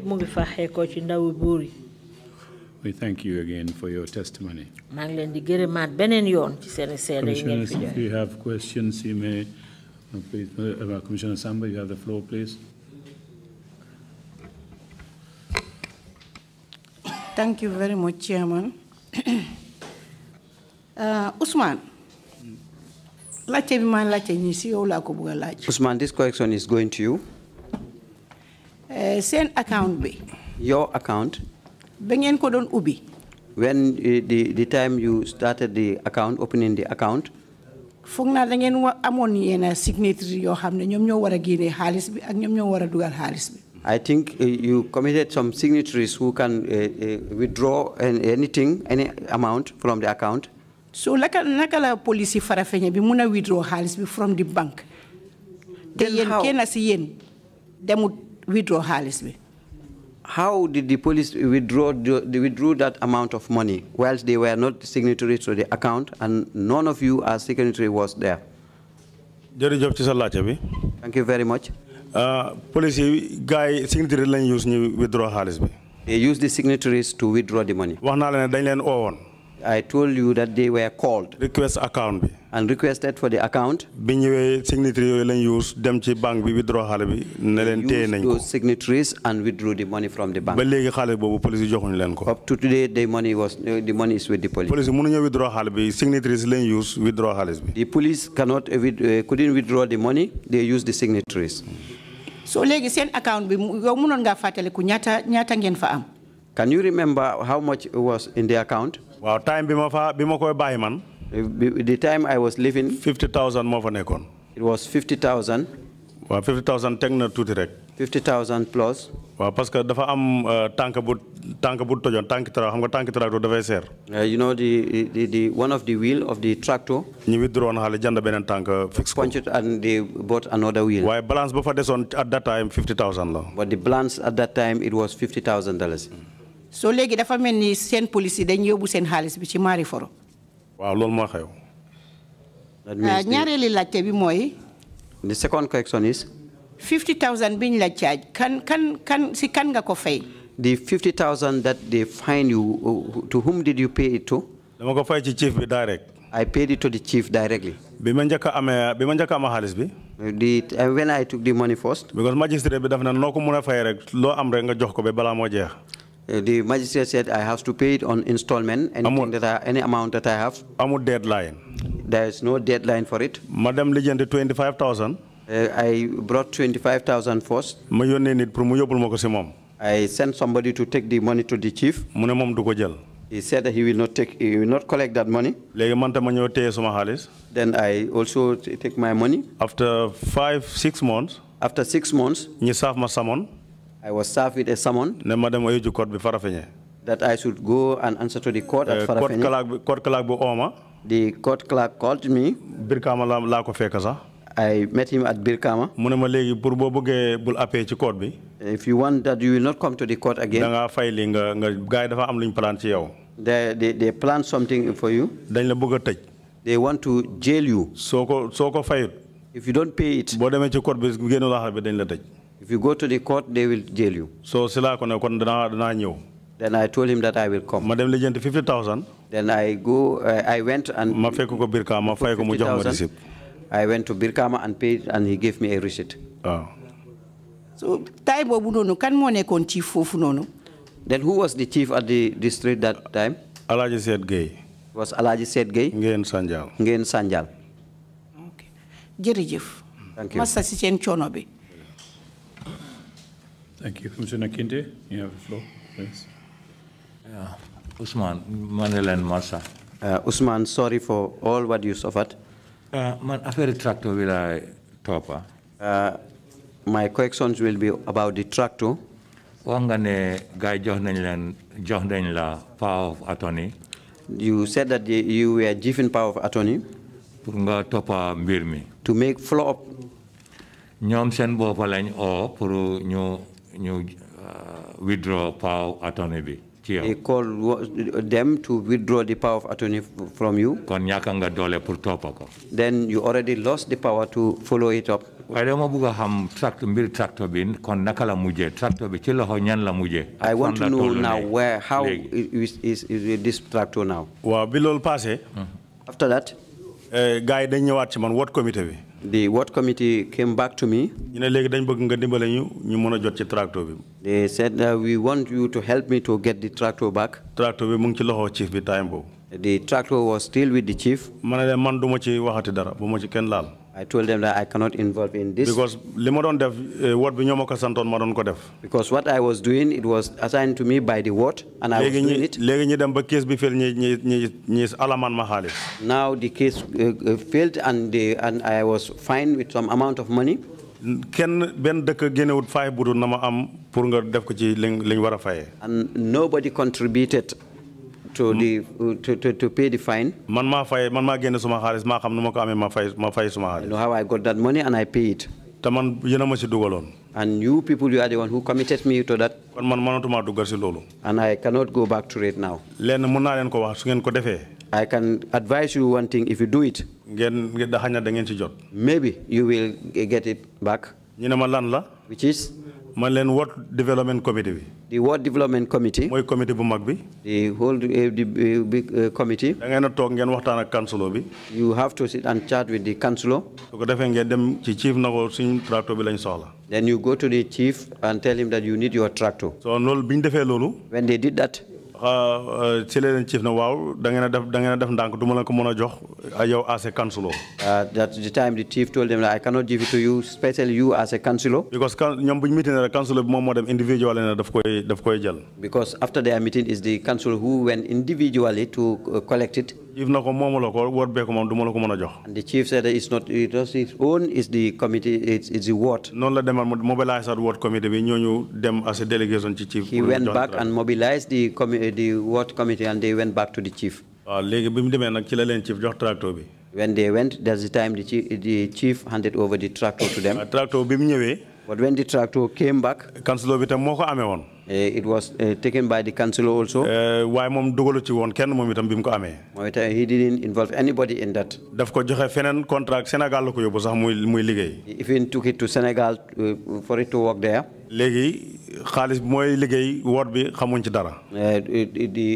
We thank you again for your testimony. Commissioner, if you have questions, you may, uh, please, uh, uh, Commissioner Samba, you have the floor, please. Thank you very much, Chairman. [COUGHS] uh, Usman, laajte bi maa laajte ñi si yow laa ko bëgg a Usman, this question is going to you. Uh, seen account be Your account. ba ngeen ko doon when eh, the, the time you started the account, opening the account? foog naa da ngeen wa amoon yenn signatory yoo xam ne ñoom ñoo war a génne xaalis bi ak ñoom ñoo war a dugal bi. I think uh, you committed some signatories who can uh, uh, withdraw an, anything, any amount from the account. So naka naka la police farafeñe bi muna withdraw xaalis bi from the bank. Then how? Kenn si yéen demut withdraw xaalis bi how did the police withdraw, they withdrew that amount of money whilst they were not signatory to the account and none of you as signatory was there? jërëjëf ci sa laajte bi. thank you very much. Uh, police guy, gars yi signatory use withdraw xaalis bi. they used the signatories to withdraw the money. wax naa la I told you that they were called. Request account And requested for the account. bi ñëwee signatory use dem ci banque bi withdraw xale bi. ne leen téye those signatories and withdrew the money from the bank. ba léegi xale boobu police up to today the money was the money is with the police. police mënuñu withdraw xale bi signatories lañ use withdraw xaalis the police cannot uh, uh, couldn't withdraw the money they used the signatories. so legi seen account bi yow mënoon ngaa fàttaliku ñaata ñaata ngeen fa am. can you remember how much was in the account waaw time bi ma fa bi koy bàyyi man. Eh, the time I was living. fifty thousand moo fa nekkoon. it was fifty thousand. waaw fifty thousand teg na tuuti rek. fifty thousand plus. waaw parce que dafa am eh, tànk bu tànk bu tojoon tànk tracteur xam nga tànk tracteur dafay seer. Eh, you know the the the one of the wheel of the tractor. ñu withdrawoon xaalis jënd beneen tànk fixe ko. punch it and they bought another wheel. waaye balance ba fa desoon at that time fifty thousand la. but the balance at that time it was fifty thousand dollars. So, léegi dafa mel ni seen police yi dañ yóbbu seen xaalis bi ci mari foro waaw loolu moo xew ah, ñaareeli laajte bi mooy the second question is 50000 biñ la charge kan kan kan si kan nga ko fay the 50000 that they fine you uh, to whom did you pay it to dama ko fay ci chief bi direct I paid it to the chief directly. bi. The, uh, when I took the money first. Because magistrate bi daf na noko muna fay rek lo am rek nga jox ko be bala mo jeex. Uh, the magistrate said I have to pay it on installment, anything that I, any amount that I have. I'm a deadline. There is no deadline for it. Madam Legend, the 25,000. Uh, I brought 25,000 first. Ma yonne nit I sent somebody to take the money to the chief. Mu mom du ko He said that he will not take, he will not collect that money. Legi man tam ñoo téyé Then I also take my money. After five, six months. After six months. Ñi saaf I was served with a summon. Ne madam oyeju court bi Farafenye. That I should go and answer to the court at Farafenye. Eh, court clerk court clerk bu oma. The court clerk called me. Birkama la la ko fekk sax. I met him at Birkama. Mu ne ma léegi pour boo bëggee ci court bi. If you want that you will not come to the court again. Da nga fay li nga nga gars dafa am plan ci yow. They, they, they plan something for you. Dañ la bëgg a tëj. They want to jail you. So ko so ko fayut. If you don't pay it. Boo demee court bi génn laaxal bi dañ la if you go to the court, they will jail you. So sila ko ne kon dana dana ñew. Then I told him that I will come. Madam, dem 50000. Then I go uh, I went and Ma fekk ko Birkama fay ko mu jox ma receipt. I went to Birkama and paid and he gave me a receipt. Ah. So time bobu nonu kan mo nekkon chief fofu nonu? Then who was the chief at the district that time? Alaji said Gay. Was Alaji said Gay? Ngeen Sanjal. Ngeen Sanjal. Okay. Jerejef. Thank you. Massa ci Chonobi. Thank you. Commissioner Kinte, you have the floor, please. Yeah. Usman, Manel and Massa. Uh, Usman, sorry for all what you suffered. Uh, man, very tractor will I top. Uh, my questions will be about the tractor. Wangane guy John John la power of attorney. You said that you were given power of attorney. Punga topa mbirmi. To make flow up. Nyom sen bo lañ o pour ñu you uh, withdraw power of attorney He called them to withdraw the power of attorney from you. Then you already lost the power to follow it up. I want to know now where, how is, is, is this tractor now? Hmm. After that? guy, what committee? the what committee came back to me. They said we want you to help me to get the tractor back. The tractor was still with the chief. Eh, I told them that I cannot involve in this. Because eh, Because what I was doing, it was assigned to me by the ward, and I was doing it. Now the case uh, failed, and, the, and I was fined with some amount of money. kenn benn dëkk génnewut faay budul na am pour nga def ko ci and nobody contributed to the to, to, to pay the fine. Man ma fay man ma genn suma xaliss ma xam numa ko amé ma fay ma fay suma xaliss. Know how I got that money and I pay it. Te man yena ma ci dugalon. And you people you are the one who committed me to that. Kon man manatuma dugal ci lolu. And I cannot go back to it now. Len mën na len ko wax su ngeen ko defé. I can advise you one thing if you do it. Ngeen ngeen da xagna da ngeen ci jot. Maybe you will get it back. Ñu ma lan la? Which is man leen Development Committee bi. the Ward Development Committee. mooy committee bu mag bi. the whole the eh, eh, big eh, committee. da ngeen a toog ngeen waxtaan ak councilor bi. you have to sit and chat with the councilor. To ko defee ngeen dem ci chief na suñu tractor bi lañ soxla. then you go to the chief and tell him that you need your tractor. so loolu bi ñu defee when they did that. Euh, ci chief da def da def ndànk la ko jox euh, yow as a councilor. Uh, that the time the chief told them that I cannot give it to you especially you as a councilor. because can ñoom meeting rek councilor bi moom dem individual na daf koy daf koy jël. because after their meeting is the council who went individually to uh, collect it if nako momolo ko word be ko mom duma la ko jox and the chief said it's not it was his own it's the committee it's it's the ward non la demal mobilize at ward committee bi ñoñu dem as a delegation ci chief he went back and mobilized the the ward committee and they went back to the chief waaw ah, legi bimu demé nak ci la len chief jox tractor bi when they went that's the time the chief, the chief handed over the tractor to them ah, tractor bimu ñëwé but when the tractor came back councilor bi tam moko amé won Eh, it was eh, taken by the council also. Eh, Why moom dugalu ci woon kenn moom itam bi he didn't involve anybody in that. daf ko joxe feneen contrat Sénégal la ko yóbbu if he took it to Sénégal for it to work there léegi xaalis mooy liggéey bi xamuñ ci dara. Uh,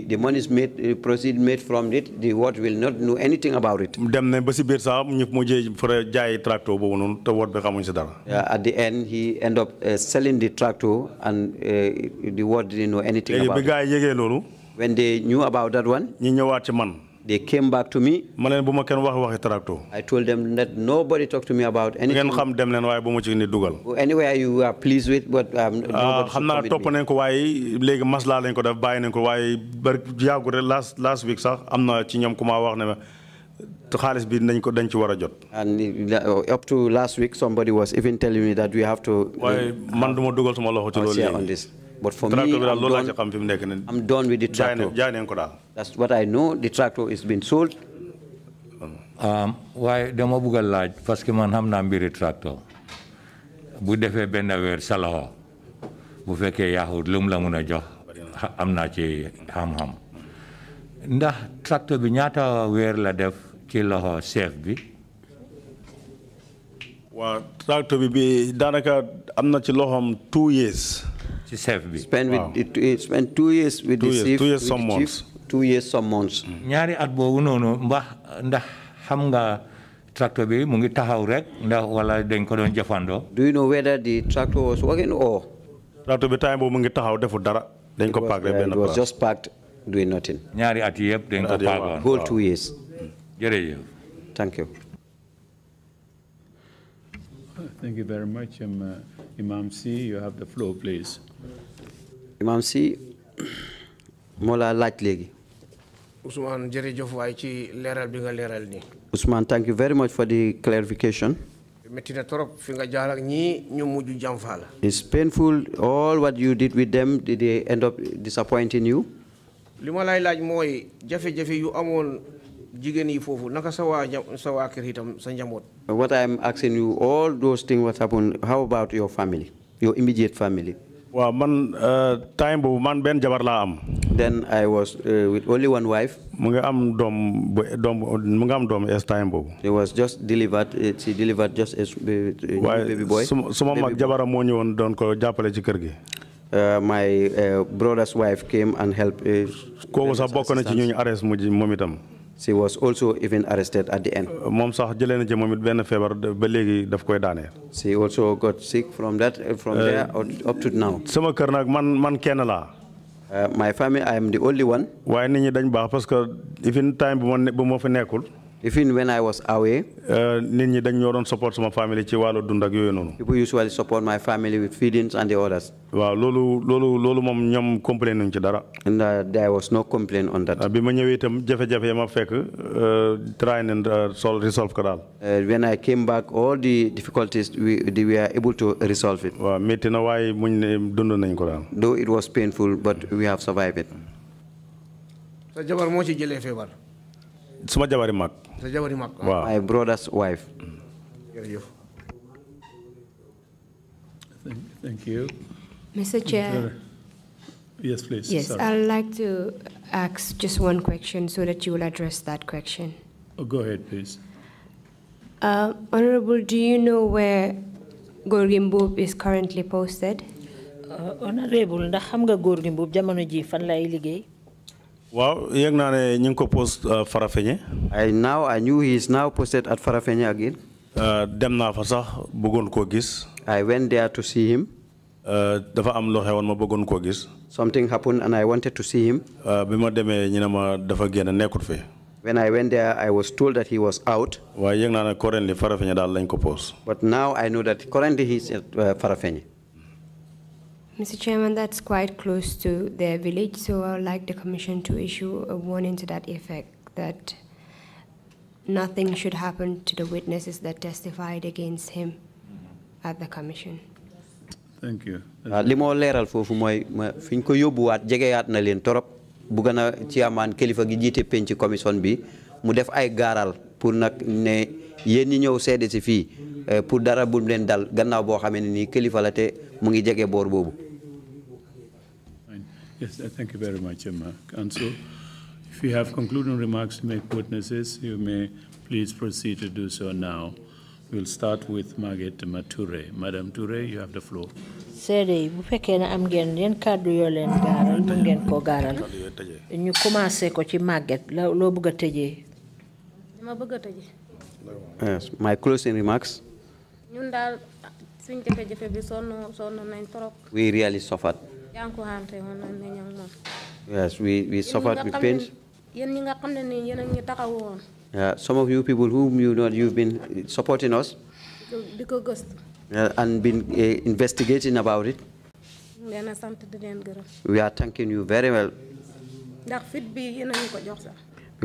the money is made uh, proceed made from it the word will not know anything about it. dem na ba si biir sax ñu mujjee fara jaay tracteur boobu noonu te woot bi xamuñ si dara. at the end he end up uh, selling the tractor and the word didn't know anything about it. bi when they knew about that one. ñi ñëwaat ci man. They came back to me. I told them that nobody talked to me about anything. ngeen anywhere you are pleased with but. Um, ah, xam naa topp nañ ko waaye léegi last last week i am not. ci and up to last week somebody was even telling me that we have to. But for tractor me, I'm done, I'm done, with the tractor. That's what I know. The tractor is being sold. Um, why dama bëgg a laaj parce man xam naa mbiri tractor bu defee benn weer salaho bu fekkee yaaxut lu mu la mun a jox am naa ci xam-xam ndax tractor bi ñaata weer la def ci loxo chef bi. waaw tractor bi bi daanaka am na ci loxoom two years. This have been. Spent wow. with it, spent two years with two the years, chief. Two years, some months. two years, some months. ñaari mm. at boobu noonu mbax ndax xam nga tractor bi mu ngi taxaw rek ndax wala dañ ko doon jëfandoo. do you know whether the tractor was working or. tractor bi time boobu mu ngi taxaw defu dara. dañ ko paak rek place it was just packed doing nothing. ñaari at yii yëpp dañ ko paakoon. whole two years. Mm. jërëjëf. thank you. Thank you very much, um, uh, Imam C. You have the floor, please imaam si moo laa laaj legi. Ousmane jërëjëf waay ci Leral, bi nga leeral nii. Ousmane thank you very much for the clarification. metti na torop fi nga jaar ak ñii ñu mujj jàmfa la. it's painful all what you did with them did they end up disappointing you. li ma lay laaj mooy jafe-jafe yu amoon jigéen yi foofu naka sa waa sa waa kër itam sa njaboot. what I am asking you all those things what happened how about your family your immediate family. waaw man euh, time boobu man benn jabar laa am. then I was uh, with only one wife. mu ngi am doom bu doom mu nga am doom es time boobu. she was just delivered uh, she delivered just as uh, baby suma mag jabaram moo ñëwoon doon ko jàppale ci kër gi. my brother's wife came and helped. kooku sax bokk na ci ñu ñu arrest mujj moom itam. she was also even arrested at the end. Uh, she also got sick from that uh, from uh, there up to now. sama kër nag man man kenn laa. my family I am the only one. waaye not ñi dañ baax parce que even time bu ma bu ma fa nekkul. Even when I was away. Eh, nit support sama family People usually support my family with feedings and the others. Wow, lolo, lolo, lolo, mom, ñoom complain nañ ci dara. and uh, there was no complaint on that. Eh, bi ma ñëwee itam jafe-jafe ya ma fekk eh, try and solve resolve ko uh, when I came back all the difficulties we we are able to resolve it. Wow, mete na wai muñ dundo na nañ though it was painful but we have survived it. sa jabar moo ci jëlee suma jabari mag sa jabari my brother's wife thank you Mr. Chair Yes, please. Yes, Sorry. I'd like to ask just one question so that you will address that question. Oh, go ahead, please. Uh, Honorable, do you know where Gorgimbo is currently posted? Uh, Honorable, ndax xam nga Gorgim jamono ji fan lay Wow, yang nane nying ko post euh, Farafenye. I now I knew he is now posted at Farafenye again. Euh, dem na fa sax bëggon I went there to see him. Euh, dafa am lo ma Something happened and I wanted to see him. Bima demé dafa When I went there, I was told that he was out. currently, But now I know that currently he is at uh, Farafenye. Mr. Chairman, that's quite close to their village, so I'd like the Commission to issue a warning to that effect that nothing should happen to the witnesses that testified against him at the Commission. thank you. Ah, li moo leeral ko torop bi ay ne yéen ñi ñëw eh, pour dara dal gannaaw la te mu ngi Yes, thank you very much, Emma. Um, Council, if you have concluding remarks to make witnesses, you may please proceed to do so now. We'll start with Margaret Mature. Madam Mature, you have the floor. seede bu fekkee ne am ngeen yenn kàddu yoo leen gaaral mën ngeen koo gaaral ñu commencé ko ci màgget la bëgg bëgg Yes, my closing remarks. We really suffered. Yes, we, we suffered with pain. Yeah, some of you people whom you know you've been supporting us and been uh, investigating about it. We are thanking you very well.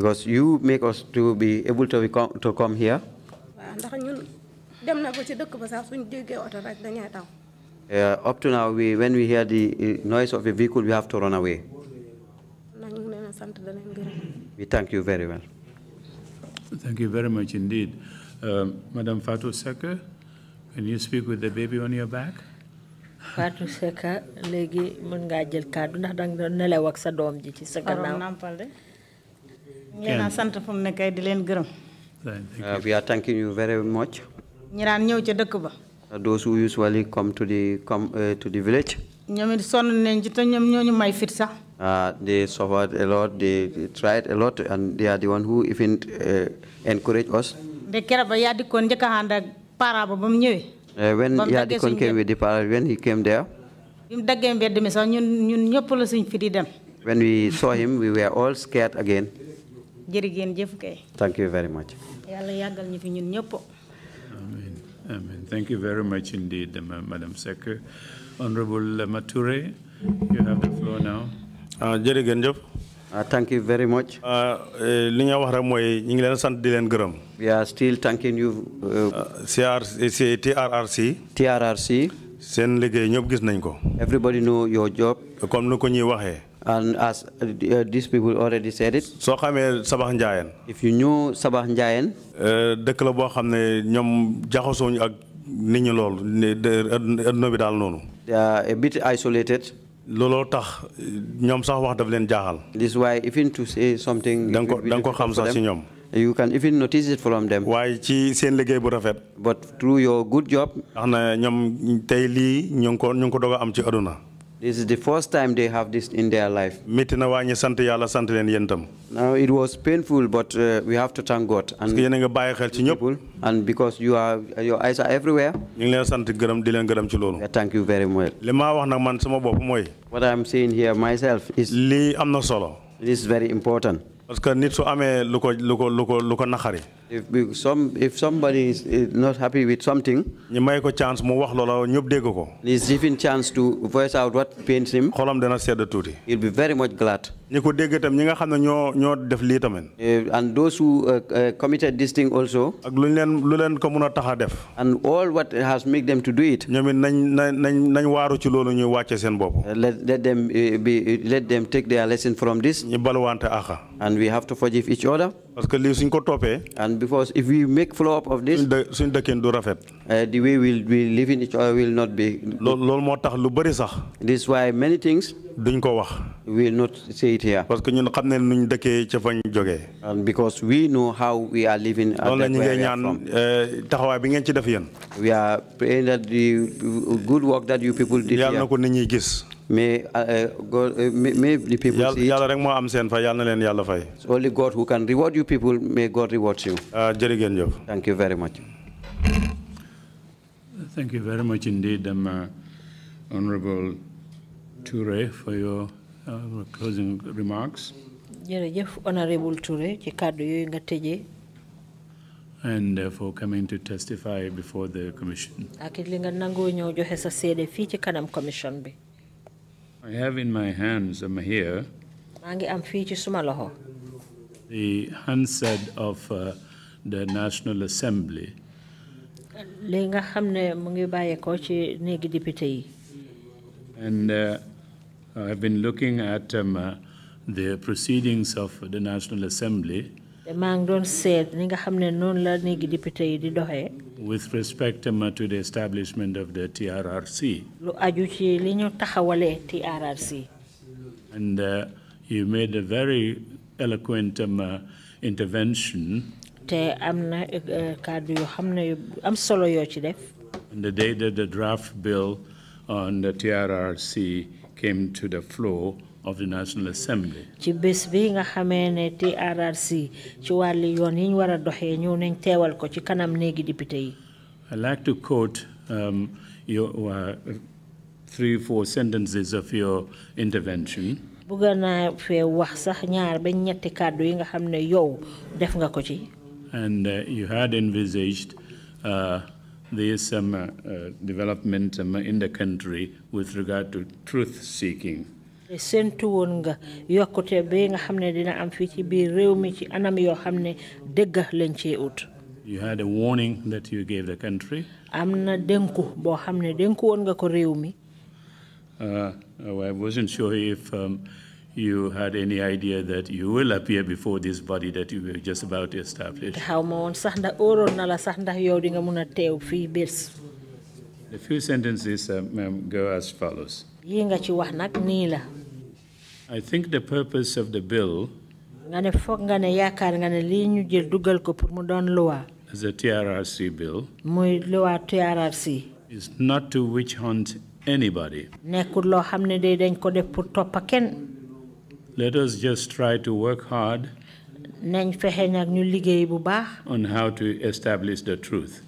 Because you make us to be able to, come, to come here. Uh, up to now, we, when we hear the uh, noise of a vehicle, we have to run away. We thank you very well. Thank you very much indeed. Um, Madam Fatu Seka, can you speak with the baby on your back? Fatou Seka, legi mun nga jël kaddu ndax dang nelaw ak sa doom ji ci sa gannaaw. Uh, we are thanking you very much. Uh, those who usually come to the come uh, to the village. Uh, they suffered a lot, they, they, tried a lot, and they are the one who even uh, encourage us. Uh, when Yadikon came with the para, when he came there, when we saw him, we were all scared again jërëgeen jëf kay. thank you very much. yàlla yàggal ñu fi ñun ñëpp. amiin amiin thank you very much indeed madam Seck honorable Mature you have the floor now. Ah, jërëgeen jëf. Uh, thank you very much. Ah, eh, li nga wax rek mooy ñu ngi leen sant We are still thanking you. Uh, CR TRRC. TRRC. seen liggéey ñëpp gis everybody know your job. comme ni ko ñuy and as uh, these people already said it. So xamee Sabax Njaayan. if you knew Sabax Njaayan. Uh, dëkk la boo xam ne ñoom jaxasoo ñu ak nit lool adduna bi daal they are a bit isolated. looloo tax ñoom sax wax daf leen jaaxal. this why even to say something. da nga ko da nga ko xam you can even notice it from them. waaye chi sen liggéey bu but through your good job. Ana nyom ñoom tey lii ñu ngi ko this is the first time they have this in their life. now it was painful but uh, we have to thank God. and and because you are your eyes are everywhere. ñu thank you very much. ma what I am saying here myself is. this am solo. it is very important parce que nit su amee lu ko lu ko lu if some if somebody is not happy with something. ñu may ko chance mu wax loola ñëpp dégg ko. he is given chance to voice out what pains him. xolam dana sedd tuuti. he will be very much glad. ñi ko dégg itam ñi nga xam ne ñoo def lii tamit. Eh, and those who uh, uh, committed this thing also. ak lu leen lu leen ko mun a def. and all what has make them to do it. ñoom nañ nañ nañ waaru ci loolu ñuy wàcce seen bopp. let let them eh, be let them take their lesson from this. ñu baluwante axa. and we have to forgive each other. parce que lii suñ ko and because if we make follow up of this. suñ dë suñ dëkkin du rafet. Uh, the way we we live in each other will not be. Lol loolu moo this is why many things. duñ we will not say it here. parce que ñun xam ne nuñ dëkkee ca fañ jógee. and because we know how we are living. at that where we are from loolu uh, la ñu ngi ñaan taxawaay bi ci def we are praying that the good work that you people did here. May, uh, uh, God, uh, may, may, the people see it. fay. It's only God who can reward you people. May God reward you. Uh, Thank you very much. Thank you very much indeed, um, uh, Honorable Toure, for your uh, closing remarks. honorable Touré ci and for coming to testify before the commission. commission I have in my hands, um, I'm here, the handset of uh, the National Assembly. And uh, I've been looking at um, uh, the proceedings of the National Assembly with respect um, to the establishment of the TRRC. TRRC. and uh, you made a very eloquent um, uh, intervention. te am na eh, kàddu am solo on the day that the draft bill on the TRRC came to the floor of the National Assembly. ci bés TRRC I like to quote um, your uh, three four sentences of your intervention. And uh, you had envisaged. Uh, there's uh, development um, in the country with regard to truth seeking séntu nga yokkute nga dina am ci biir réew mi ci anam yoo xam ne dëgg lañ cee ut. You had a warning that you gave the country. am dénku boo xam dénku woon nga ko réew mi. Uh, oh, I wasn't sure if. Um, you had any idea that you will appear before this body that you were just about to establish. The few sentences um, um, go as follows. I think the purpose of the bill as a TRRC bill is not to witch hunt anybody let us just try to work hard on how to establish the truth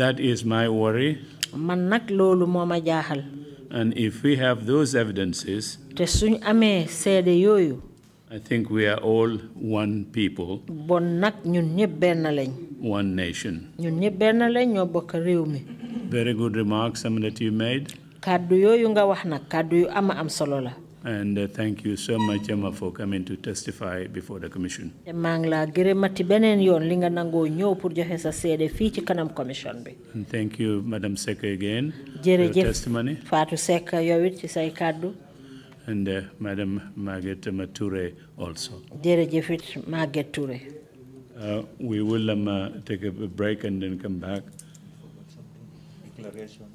that is my worry and if we have those evidences, I think we are all one people. one nation. very good remarks, Sam, that you made and uh, thank you so much Emma for coming to testify before the commission. Mangla, ngi laa gërëmati beneen yoon li nga ñëw pour joxe sa seede fii ci kanam commission bi. and thank you Madam Seck again. jërëjëf for your testimony. Fatou Seck yow it ci say kàddu. and uh, Madam Margaret Mature also. jërëjëf it Margaret Touré. Uh, we will um, uh, take a break and then come back. Declaration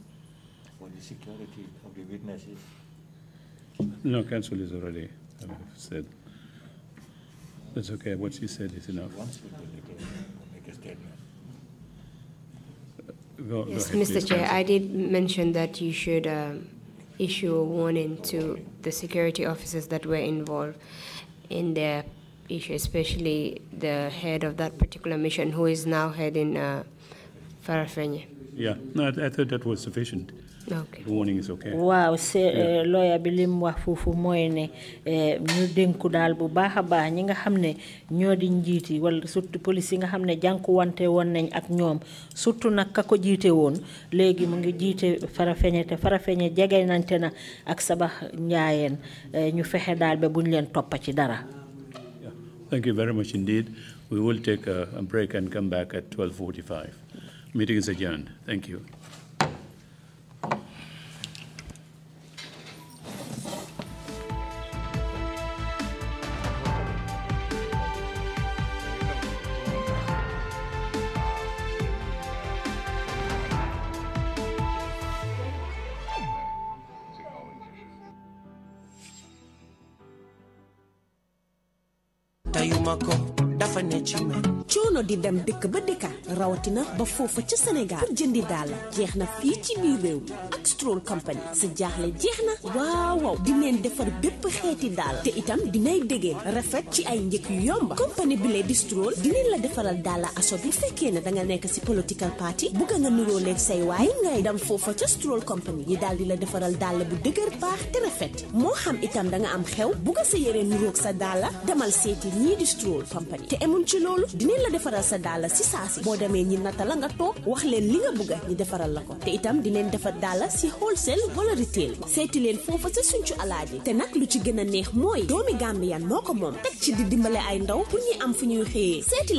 for the security of the witnesses. No, council is already said. That's okay. What she said is enough. Uh, go, yes, go ahead, Mr. Please. Chair, I did mention that you should um, issue a warning to the security officers that were involved in the issue, especially the head of that particular mission, who is now heading uh, Farafenye. Yeah, no, I, I, thought that was sufficient. Okay. warning is okay. Eh, lawyer ñu eh, bu ñi nga ñoo di wala surtout police nga nañ ak surtout mu ngi te nante na ak ñu eh, fexe buñ leen ci dara. Thank you very much indeed. We will take a break and come back at 12:45. Meeting is adjourned. Thank you. You Ayumako dafa ne ci man coono di dem dëkk ba dëkka rawatina ba foofa ca Sénégal pour jëndi daal jeex na fii ci biir réew mi ak Stroll Company sa jaaxle jeex na waaw waaw di leen defar bépp xeeti daal te itam dinay dëggeen rafet ci ay njëkk yu yomba compagnie bi lee di Stroll di leen la defaral daala aso bi fekkee ne da nekk si political party bugg nga nuroo leen say waay ngay dem foofa ca Stroll Company ñi daal di la defaral daala bu dëgër baax te rafet moo xam itam da am xew bugg sa yére emuñ ci loolu dinañ la defaral sa daala si saasi boo demee ñi nata la nga toog wax leen li nga bëgga ñu defaral la ko te itam dinañ defar daala si wholesale wala retail seeti leen foofa sa suñcu yi te nag lu ci gën a neex mooy doomi Gambien moo ko moom teg ci di dimbale ay ndaw pour ñuy am fu ñuy xëyee